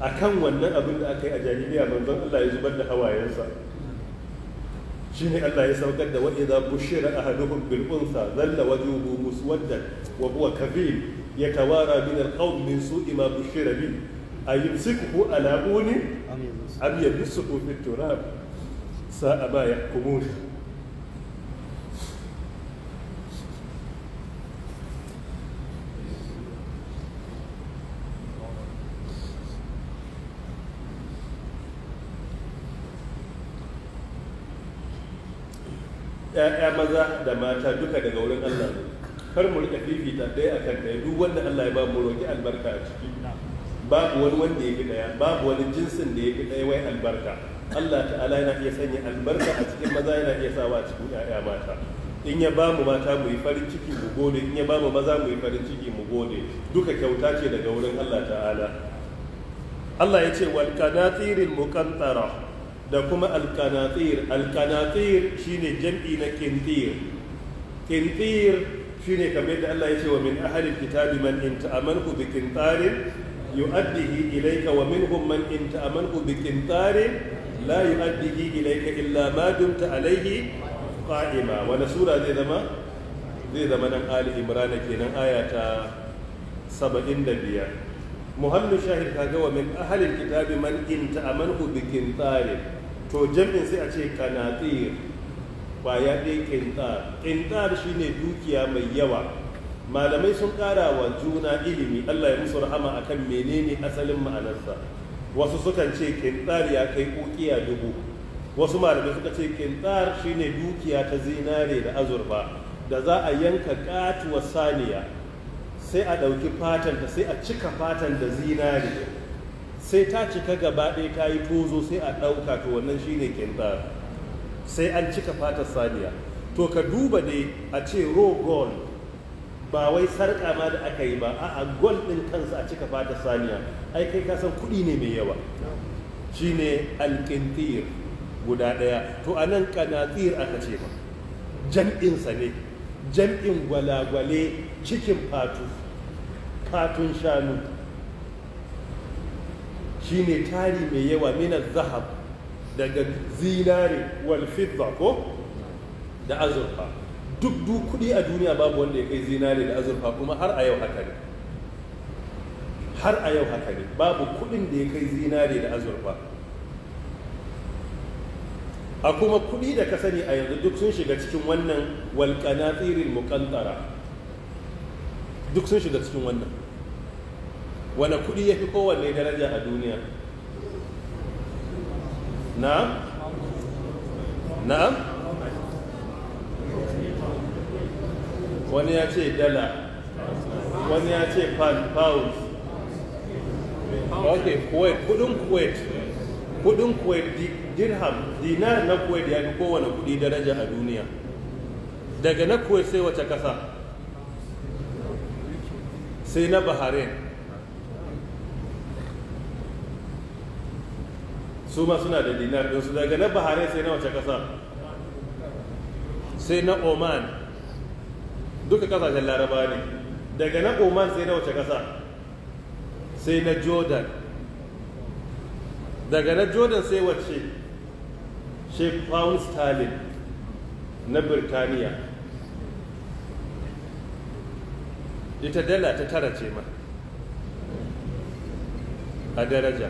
a kan wannan abin da aka yi a jahiliya manzon Allah ya zubar da hawayensa shine Allah ya saukar da wa idza bushira ahaduhum bil zalla dhalla wajhuhu muswaddan wa huwa ya yatawara min al qawm min ima ma bushira bi ayumsikuhu ala a am yadsuhu fit turab sa'a ma yahkumun 'ya'ya maza da mata duka daga wurin Allah ne kar mu rika fifita ɗaya akan ɗaya duk wanda Allah ya ba mu roƙi albarka a ciki babu wani wanda ya fi ɗaya babu wani jinsin da ya fi ɗaya wai albarka Allah ta'ala yana iya sanya albarka a cikin maza yana iya sawa a cikin 'ya'ya mata in ya ba mu mata mu yi farin ciki mu gode in ya ba mu maza mu yi farin ciki mu gode duka kyauta ce daga wurin Allah ta'ala Allah ya ce wal kan muqantara da kuma alkanatir alkanatir shine jam'i na kintir kintir shine kamar da Allah ya ce wa min ahlil kitabi man in ta'amanku bi kintarin yu'addihi ilayka wa minhum man in ta'amanku bi kintarin la yu'addihi ilayka illa ma dumta alayhi qa'ima wala sura zai zama zai zama nan ali imran kenan aya ta 75 muhammad shahid kaga wa min ahlil kitabi man in ta'amanhu bi kintarin to jami'in sai a ce kanatir ya ɗaya ƙintar ƙintar shi ne dukiya mai yawa malamai sun ƙara wa juna ilimi allah ya musu rahama akan menene asalin ma'anarsa wasu sukan ce ƙintar ya kai ƙuƙiya dubu wasu malamai suka ce ƙintar shi ne dukiya ta zinare da azurfa da za a yanka ƙatuwar saniya sai a ɗauki fatanta sai a cika fatan da zinare sai ta cika gaba ɗaya ta yi tozo sai a ɗauka to wannan shi ne kenta sai an cika fatar saniya to ka duba ne a ce ro gold ba wai sarƙa ma da aka yi ba a gold ɗin kansa a cika fatar saniya ai kai ka san kuɗi ne mai yawa Shi ne alƙintir guda ɗaya to a nan ƙanatir aka ce ba jam'insa ne jam'in gwalagwale cikin fatu fatun shanu shine tari mai yawa minar zahab daga zinare wal ko da azurfa duk duk kudi a duniya babu wanda ya kai zinare da azurfa kuma har a yau haka ne har a yau haka ne babu kudin da ya kai zinare da azurfa a kuma kudi da ka sani a yanzu duk sun shiga cikin wannan walƙana tsirin muƙantara duk sun shiga cikin wannan wani kudi ya fi kowanne daraja a duniya na, na. wani ya ce dala wani ya ce pound ok kuwait kudin kuwait kudin kuwait dirham dinar na kuwait ya fi kowane kudi daraja a duniya daga na kuwait sai wace kasa sai na bahrain su ma suna da dinar su. daga na bahare sai na wace ƙasa sai na oman duka kasashen laraba ne daga na oman sai na wace ƙasa sai na jordan daga na jordan sai wace sheik pound stalin na birtaniya ita dala ta tara ce ma a daraja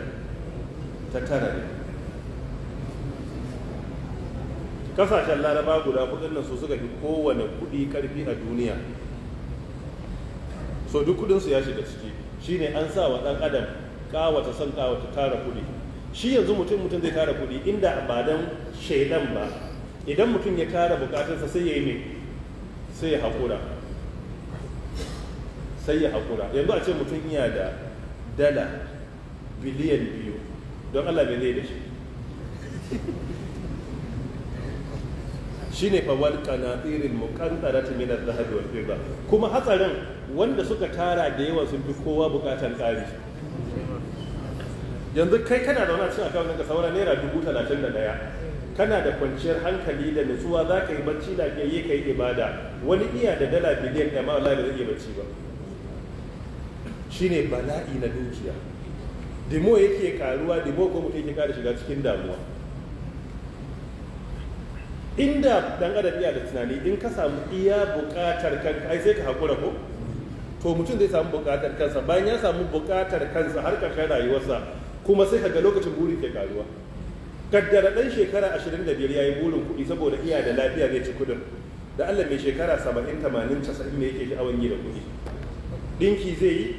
ta tara ne kasashen laraba guda kudin nan su suka fi kowane kudi karfi a duniya so duk kudin su ya shiga ciki shine an sa wa dan adam kawata san kawata tara kudi shi yanzu mutum mutum zai tara kudi inda ba dan shaidan ba idan mutum ya tara bukatunsa sai ya yi mai sai ya haƙura sai ya haƙura yanzu a ce mutum iya da dala biliyan biyu don allah bai zai da shi shine fa wal ta muqantarati min adh-dhahab wal fidda kuma hatsarin wanda suka tara da yawa sun fi kowa bukatan ƙari yanzu kai kana da wani cikin akawun ka saura naira dubu talatin da daya kana da kwanciyar hankali da nutsuwa za ka yi bacci da ke yi ka yi ibada wani iya da dala biliyan ɗaya ma da zai iya bacci ba shine bala'i na dukiya dimo yake karuwa dimo ko mutum yake kara shiga cikin damuwa inda dan adam iya da tunani in ka samu iya buƙatar kan ai sai ka hakura ko to mutum zai samu buƙatar kansa bayan ya samu buƙatar kansa har ƙarshen rayuwarsa kuma sai kaga lokacin buri ke karuwa kaddara dan shekara 25 yayi burin kuɗi saboda iya da lafiya zai ci kuɗin da allah mai shekara 70 80 90 ne yake sha'awan yi da kuɗi Dinki zai yi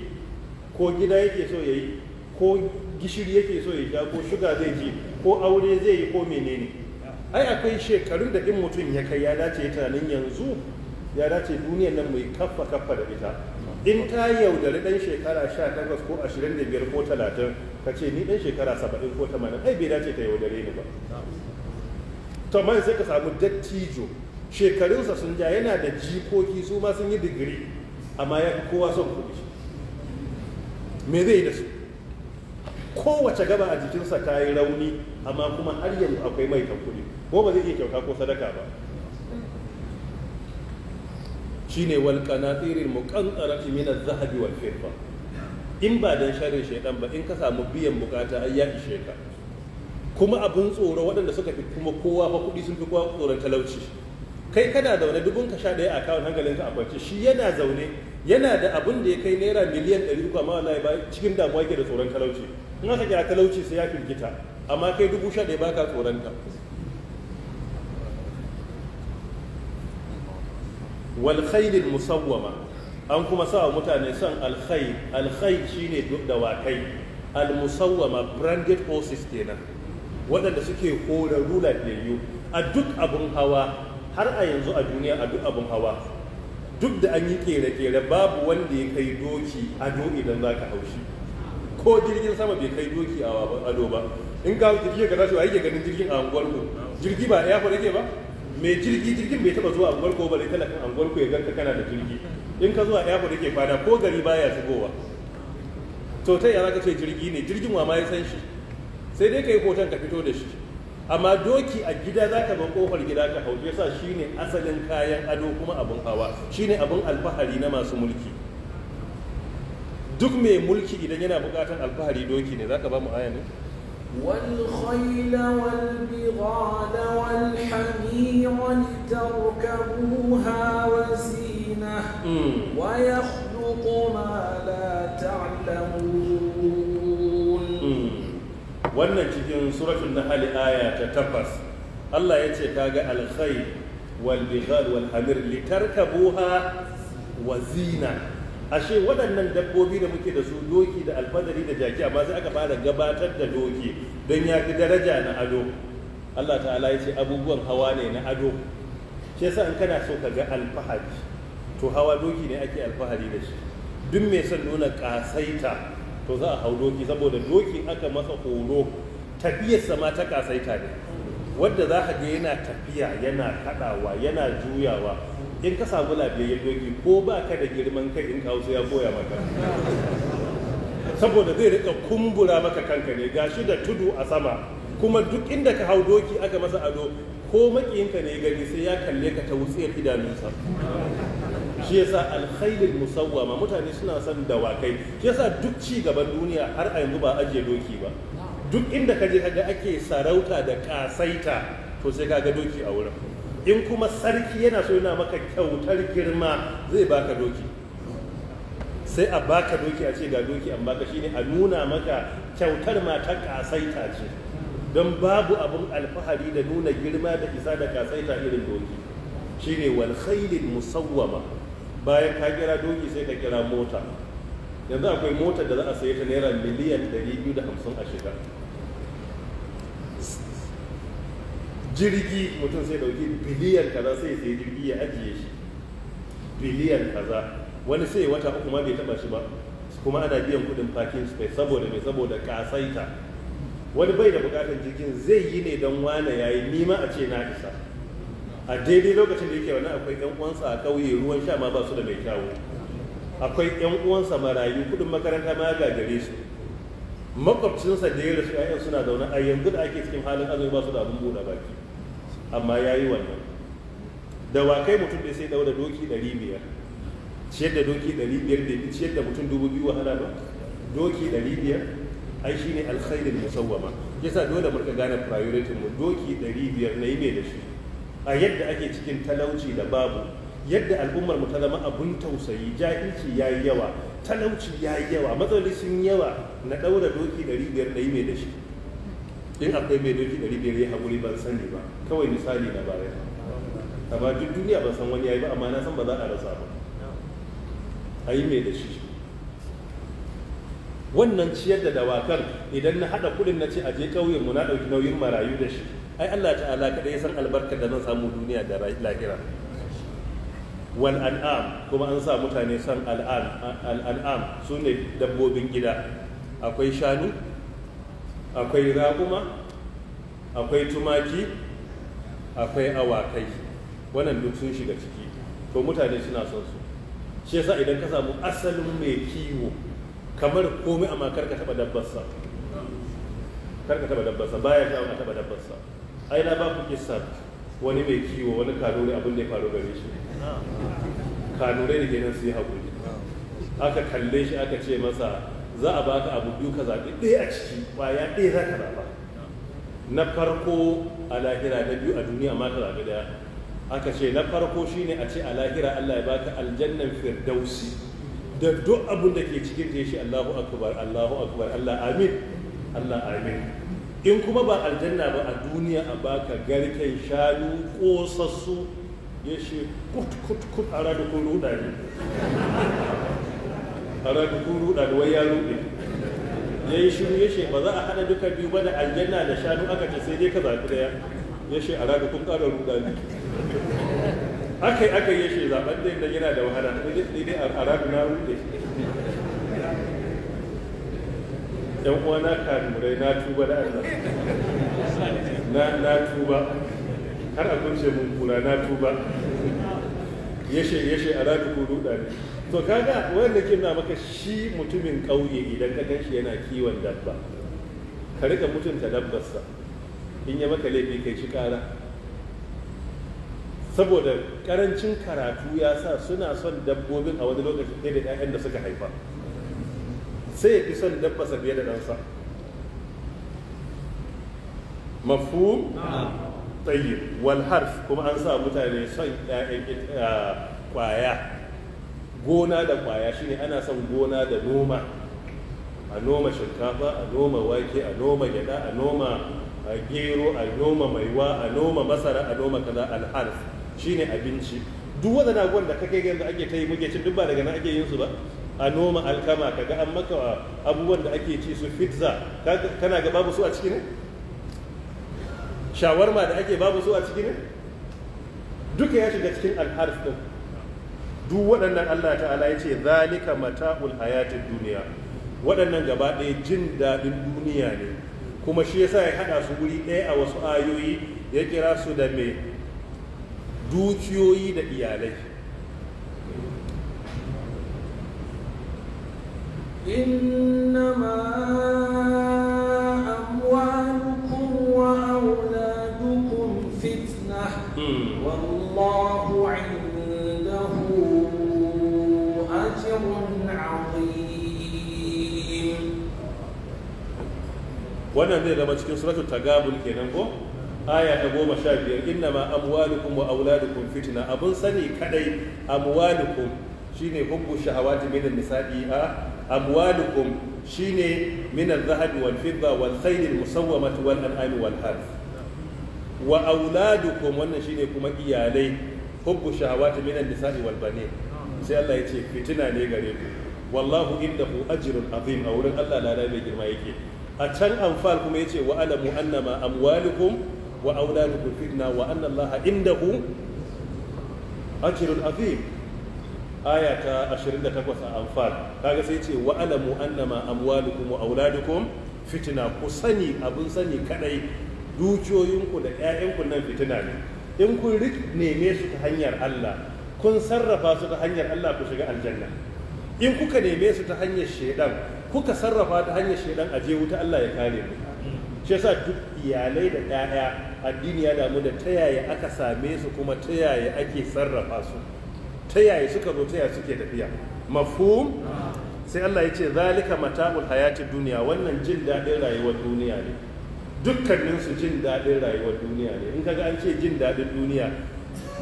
ko gida yake so yayi ko gishiri yake so ya sha ko shuga zai ji ko aure zai yi ko menene ai akwai shekarun da in mutum ya kai ya dace ya nan yanzu ya dace duniyar nan mai kaffa kaffa da ita in ta yaudari dan shekara 18 ko 25 ko 30 ka ce ni dan shekara 70 ko 80 ai bai dace ta yaudare ni ba to man sai ka samu dattijo shekarunsa sun ja yana da jikoki su ma sun yi digiri amma ya kowa son kuɗi me zai da su kowace gaba a jikinsa ta yi rauni amma kuma har yanzu akwai mai tankuli ko ba zai iya kyauta ko sadaka ba Shi shine tsirin mu muqantarati min az-zahabi wa fefa in ba don sharin shaidan ba in ka samu biyan bukata ai ya ishe kuma abun tsoro waɗanda suka fi kuma kowa fa kuɗi sun fi kowa tsoron talauci kai kana zaune dubun ka sha ɗaya a kawon hankalinka a kwance shi yana zaune yana da abun da ya kai naira miliyan ɗari uku amma wallahi ba cikin damuwa yake da tsoron talauci in aka kira talauci sai ya firgita amma kai dubu sha ɗaya baka tsoronta wal musawwama an kuma sa mutane son alkhai shine duk da wakai al musawwama branded horses kenan waɗanda suke hora rula lafiyayyu a duk abun hawa har a yanzu a duniya a duk abun hawa duk da an yi kere-kere babu wanda ya kai doki ado idan za ka haushi ko jirgin sama bai kai doki a ado ba in ka jirgin ka tashi ake ganin jirgin a anguwar jirgi ba ya fara ke ba mai jirgi jirgin bai taba zuwa anguwar ko ba dai talakan anguwar ya ganka kana da jirgi in ka zuwa ya fara ke kwana ko gari baya shigowa to ta yana ka ce jirgi ne jirgin wa ma ya san shi sai dai ka yi hoton ka fito da shi amma doki a gida za ka ban kofar gida ka hau yasa shi ne asalin kayan ado kuma abin hawa shi ne abin alfahari na masu mulki duk mai mulki idan yana bukatar alfahari doki ne za ka ba mu aya ne والخيل والبغال والحمير لتركبوها وزينة ويخلق ما لا تعلمون wannan cikin suratul nahl aya ta tabbas. Allah ya ce kaga alkhayl wal bighal wal hamir litarkabuha wa ashe waɗannan dabbobi da muke da su doki da alfadari da jaki amma sai aka fara gabatar da doki don ya fi daraja na ado Allah ta'ala ya ce abubuwan hawa ne na ado Ke sa in kana so ka ga alfahari to hawa doki ne ake alfahari da shi duk mai son nuna kasaita to za a hau doki saboda doki aka masa horo tafiyarsa ma ta kasaita ne wadda za ka ga yana tafiya yana kaɗawa yana juyawa in ka samu lafiyayyen doki ko ba ka da girman kai in kawo ya koya maka saboda zai rika kumbura maka kanka ne gashi da tudu a sama kuma duk inda ka hau doki aka masa ado ko makiyinka ne gani sai ya kalle ka ta wutsiyar idanunsa shi yasa alkhairul musawwama mutane suna son dawakai shi yasa duk ci gaban duniya har a yanzu ba ajiye doki ba duk inda ka je kaga ake sarauta da kasaita to sai ka ga doki a wurin in kuma sarki yana so yana maka kyautar girma zai baka doki sai a baka doki a ce ga doki an baka shine a nuna maka kyautar ma ta kasaita ce don babu abin alfahari da nuna girma da isa da kasaita irin doki shine wal khailil musawwama bayan ka kira doki sai ka kira mota yanzu akwai mota da za a saye ta naira miliyan 250 a shiga jirgi mutum sai dauki biliyan kaza sai sai jirgi ya ajiye shi biliyan kaza wani sai wata uku ma bai taba shi ba kuma ana biyan kudin parking space saboda mai saboda kasaita wani bai da bukatar jirgin zai yi ne don wane yayi nima a ce na isa a daidai lokacin da yake wani akwai yan uwansa a ƙauye ruwan sha ma ba su da mai kyawu akwai yan uwansa marayu kudin makaranta ma ga gare su makwabcinsa da ya rasu 'ya'yan suna zaune a yanzu da ake cikin halin azumi ba su da abin buɗe baki amma ya yi wannan kai mutum da sai dauda doki 500 ciyar da doki 500 da ciyar da mutum 2000 wahala ba doki 500 ai shine alkhairin musawwama yasa dole mu gane priority mu doki 500 na yi mai da shi a yadda ake cikin talauci da babu yadda al'ummar mu ta zama abun tausayi jahilci yayi yawa talauci yayi yawa matsaloli sun yawa na daura doki 500 na yi mai da shi in akwai mai doki dari biyar ya haƙuri ban sani ba kawai misali na baya amma duk duniya ban san wani ya yi ba amma na san ba za a rasa ba a yi mai da shi wannan ciyar da dawakar. idan na haɗa kuɗin na ce a je ƙauyen mu na ɗauki nauyin marayu da shi ai Allah ta'ala kada ya san albarkar da zan samu duniya da lahira wal an'am kuma an sa mutane san al'am su ne dabbobin gida akwai shanu akwai raƙuma akwai tumaki akwai awakai wannan duk sun shiga ciki to mutane suna son su shi yasa idan ka samu asalin mai kiwo kamar komai amma kar ka taba dabbarsa kar ka taba dabbarsa baya ka taba dabbarsa ai na ba ku kissa wani mai kiwo wani kanuri abin da ya faru gare shi kanurai da kenan su yi haƙuri aka kalle shi aka ce masa za a baka abu biyu ka zaɓi ɗaya a ciki ƙwaya ɗaya za ka zaɓa na farko a lahira na biyu a duniya ma ka zaɓi ɗaya aka ce na farko shine a ce a lahira Allah ya baka aljannan firdausi da duk abin da ke cikin da shi Allahu akbar Allahu akbar Allah amin Allah amin in kuma ba aljanna ba a duniya a baka garken shanu kosassu ya ce kut kut kut a rada kun ruɗa ne haraka kun ruɗa da wai ya ruɗe ya yi shiru ya ce ba za a haɗa duka biyu ba da aljanna da shanu aka ce sai dai ka zaɓi ɗaya ya ce a raga kun ƙara ruɗa ne aka yi aka yi ya ce zaɓen ɗin da yana da wahala ɗin dai a raga na ruɗe ɗan uwa na kanurai na tuba da Allah na na tuba har a kunce mun kura na tuba ya ce a raga kun ruɗa ne to kaga wanda ke na maka shi mutumin ƙauye idan ka gan yana kiwon dabba ka rika mutunta dabbarsa in ya maka laifi kai shi kara saboda karancin karatu ya sa suna son dabbobin a wani lokacin fiye da 'ya'yan da suka haifa sai ya fi son dabbarsa fiye da ɗansa tsayi, tayyib wal harf kuma an sa mutane son 'ya'yan kwaya eh, gona da kwaya shine ana son gona da noma a noma shinkafa a noma wake a noma gyada a noma gero a noma maiwa a noma masara a noma kaza alharf shine abinci duk wanda gwan da kake yanzu ake ta yi muke cin duk ba daga nan ake yin su ba a noma alkama kaga an maka abubuwan da ake ci su pizza kana ga babu su a ciki ne shawarma da ake babu su a ciki ne duka ya shiga cikin alharf din duk waɗannan Allah ta'ala ya ce zalika mata'ul hayatin duniya waɗannan gaba ɗaya jin daɗin duniya ne kuma shi yasa ya haɗa su wuri ɗaya a wasu ayoyi ya kira su da mai dukiyoyi da iyalai إنما أموالكم fitna, فتنة wannan zai zama cikin suratu tagabul kenan ko aya ta goma sha biyar inna ma amwalukum wa auladukum fitna abun sani kadai amwalukum shine hubbu shahawati min nisa'i a amwalukum shine min al-dhahab wal fidda wal khayl al musawwamati wal an'am wal harf wa auladukum wannan shine kuma iyalai hubbu shahawati min nisa'i wal banin sai Allah ya ce fitina ne gare ku wallahu indahu ajrun azim a wurin Allah lada mai girma yake a can anfal kuma yace wa alamu annama amwalukum wa auladukum fitna wa anna allaha indahu ajrun azim aya ta 28 a anfal kaga sai yace wa alamu annama amwalukum wa auladukum fitina ku sani abin sani kadai dukiyoyinku da 'ya'yanku nan fitina ne in kun neme su ta hanyar Allah kun sarrafa su ta hanyar Allah ku shiga aljanna in kuka neme su ta hanyar shaidan kuka sarrafa ta hanyar shaidan aje wuta Allah ya kare mu shi yasa duk iyalai da 'ya'ya addini ya damu da ta yaya aka same su kuma ta yaya ake sarrafa su ta yaya suka zo ta yaya suke tafiya mafhum sai Allah ya ce zalika mata'ul hayatid duniya wannan jin daɗin rayuwar duniya ne dukkanin su jin daɗin rayuwar duniya ne in kaga an ce jin daɗin duniya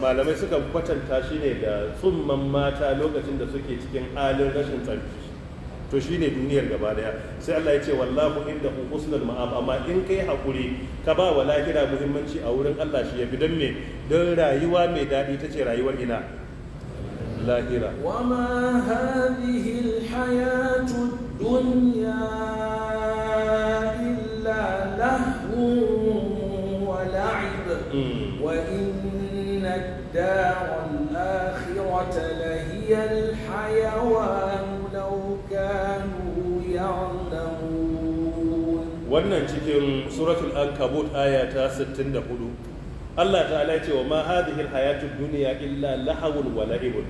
malamai suka kwatanta shi ne da tsumman mata lokacin da suke cikin halin rashin tsarki to ne duniyar gaba daya sai Allah ya ce wallahu da husnul ma'ab amma in kai hakuri ka ba wa lahira muhimmanci a wurin Allah shi yafi dan me don rayuwa mai dadi tace rayuwar ina lahira wama hadhihi alhayatu dunya illa lahwun wa la'ib hmm. wa inna ad-dara al-akhirata lahiya al-hayawan wannan cikin suratul ankabut aya ta 64 Allah ta'ala ce wa ma hadhihi hayatud dunya illa lahawun wa la'ibun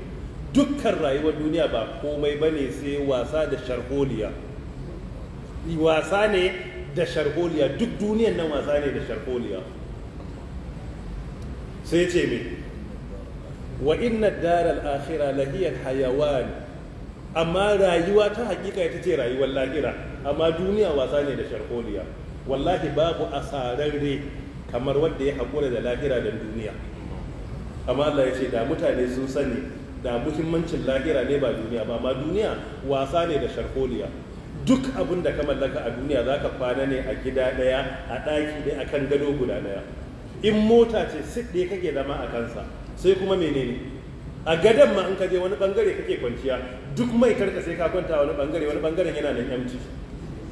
dukkan rayuwar duniya ba komai bane sai wasa da sharholiya wasa ne da sharholiya duk duniyan nan wasa ne da sharholiya sai ce me wa inna daral akhirah lahiyal hayawan amma rayuwa ta hakika ita ce rayuwar lahira amma duniya wasa ne da sharholiya wallahi babu asararre kamar wadda ya haƙura da lahira da duniya amma Allah ya ce da mutane sun sani da muhimmancin lahira ne ba duniya ba amma duniya wasa ne da sharholiya duk abin da ka mallaka a duniya za ka kwana ne a gida ɗaya a ɗaki ɗaya a kan gado guda ɗaya in mota ce sit kake zama a kansa sai kuma menene a gadon ma in ka je wani bangare kake kwanciya duk mai karka sai ka kwanta wani bangare wani bangaren yana nan yamci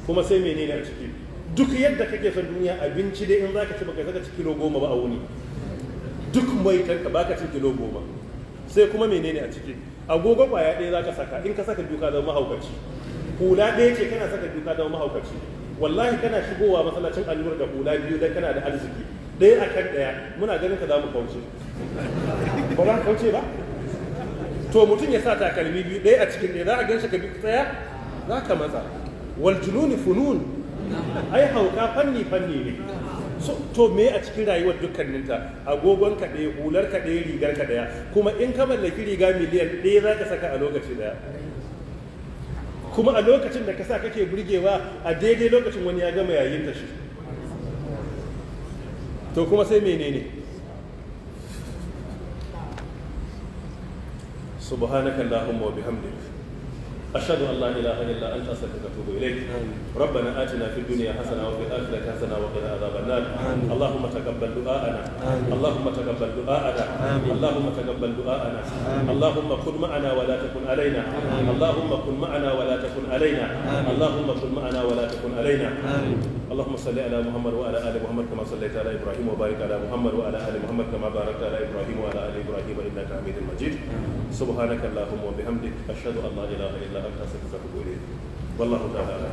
kuma sai menene a ciki duk yadda kake son duniya abinci dai in zaka ci baka saka ci kilo goma ba a wuni duk mai kanka baka ci kilo goma sai kuma menene a ciki agogo kwaya ɗaya zaka saka in ka saka duka zama mahaukaci hula ɗaya ce kana saka duka zama mahaukaci wallahi kana shigowa masallacin allura da hula biyu dan kana da arziki ɗaya a kan ɗaya muna ganin ka za mu kauce ba za kauce ba to mutum ya sa takalmi biyu ɗaya a cikin ɗaya za a gan shi ka bi tsaya za ka matsa Waltununi jununi funun ai hauka fanni fanni ne so to me a cikin rayuwar dukkaninta agogon ka ɗaya hular ka ɗaya rigar ka ɗaya kuma in ka mallaki riga miliyan ɗaya za ka saka a lokaci ɗaya kuma a lokacin da ka sa kake burgewa a daidai lokacin wani ya gama yayin ta shi to kuma sai menene subhanakallahumma wa bihamdika أشهد أن لا إله إلا أنت أستغفرك وأتوب إليك ربنا آتنا في الدنيا حسنة وفي الآخرة حسنة وقنا عذاب النار اللهم تقبل دعاءنا اللهم تقبل دعاءنا اللهم تقبل دعاءنا اللهم كن معنا ولا تكن علينا اللهم كن معنا ولا تكن علينا اللهم كن معنا ولا تكن علينا اللهم صل على محمد وعلى آل محمد كما صليت على إبراهيم وبارك على محمد وعلى آل محمد كما باركت على إبراهيم وعلى آل إبراهيم إنك حميد مجيد سبحانك اللهم وبحمدك أشهد أن لا إله إلا ka se ka sago ye walahu ta'ala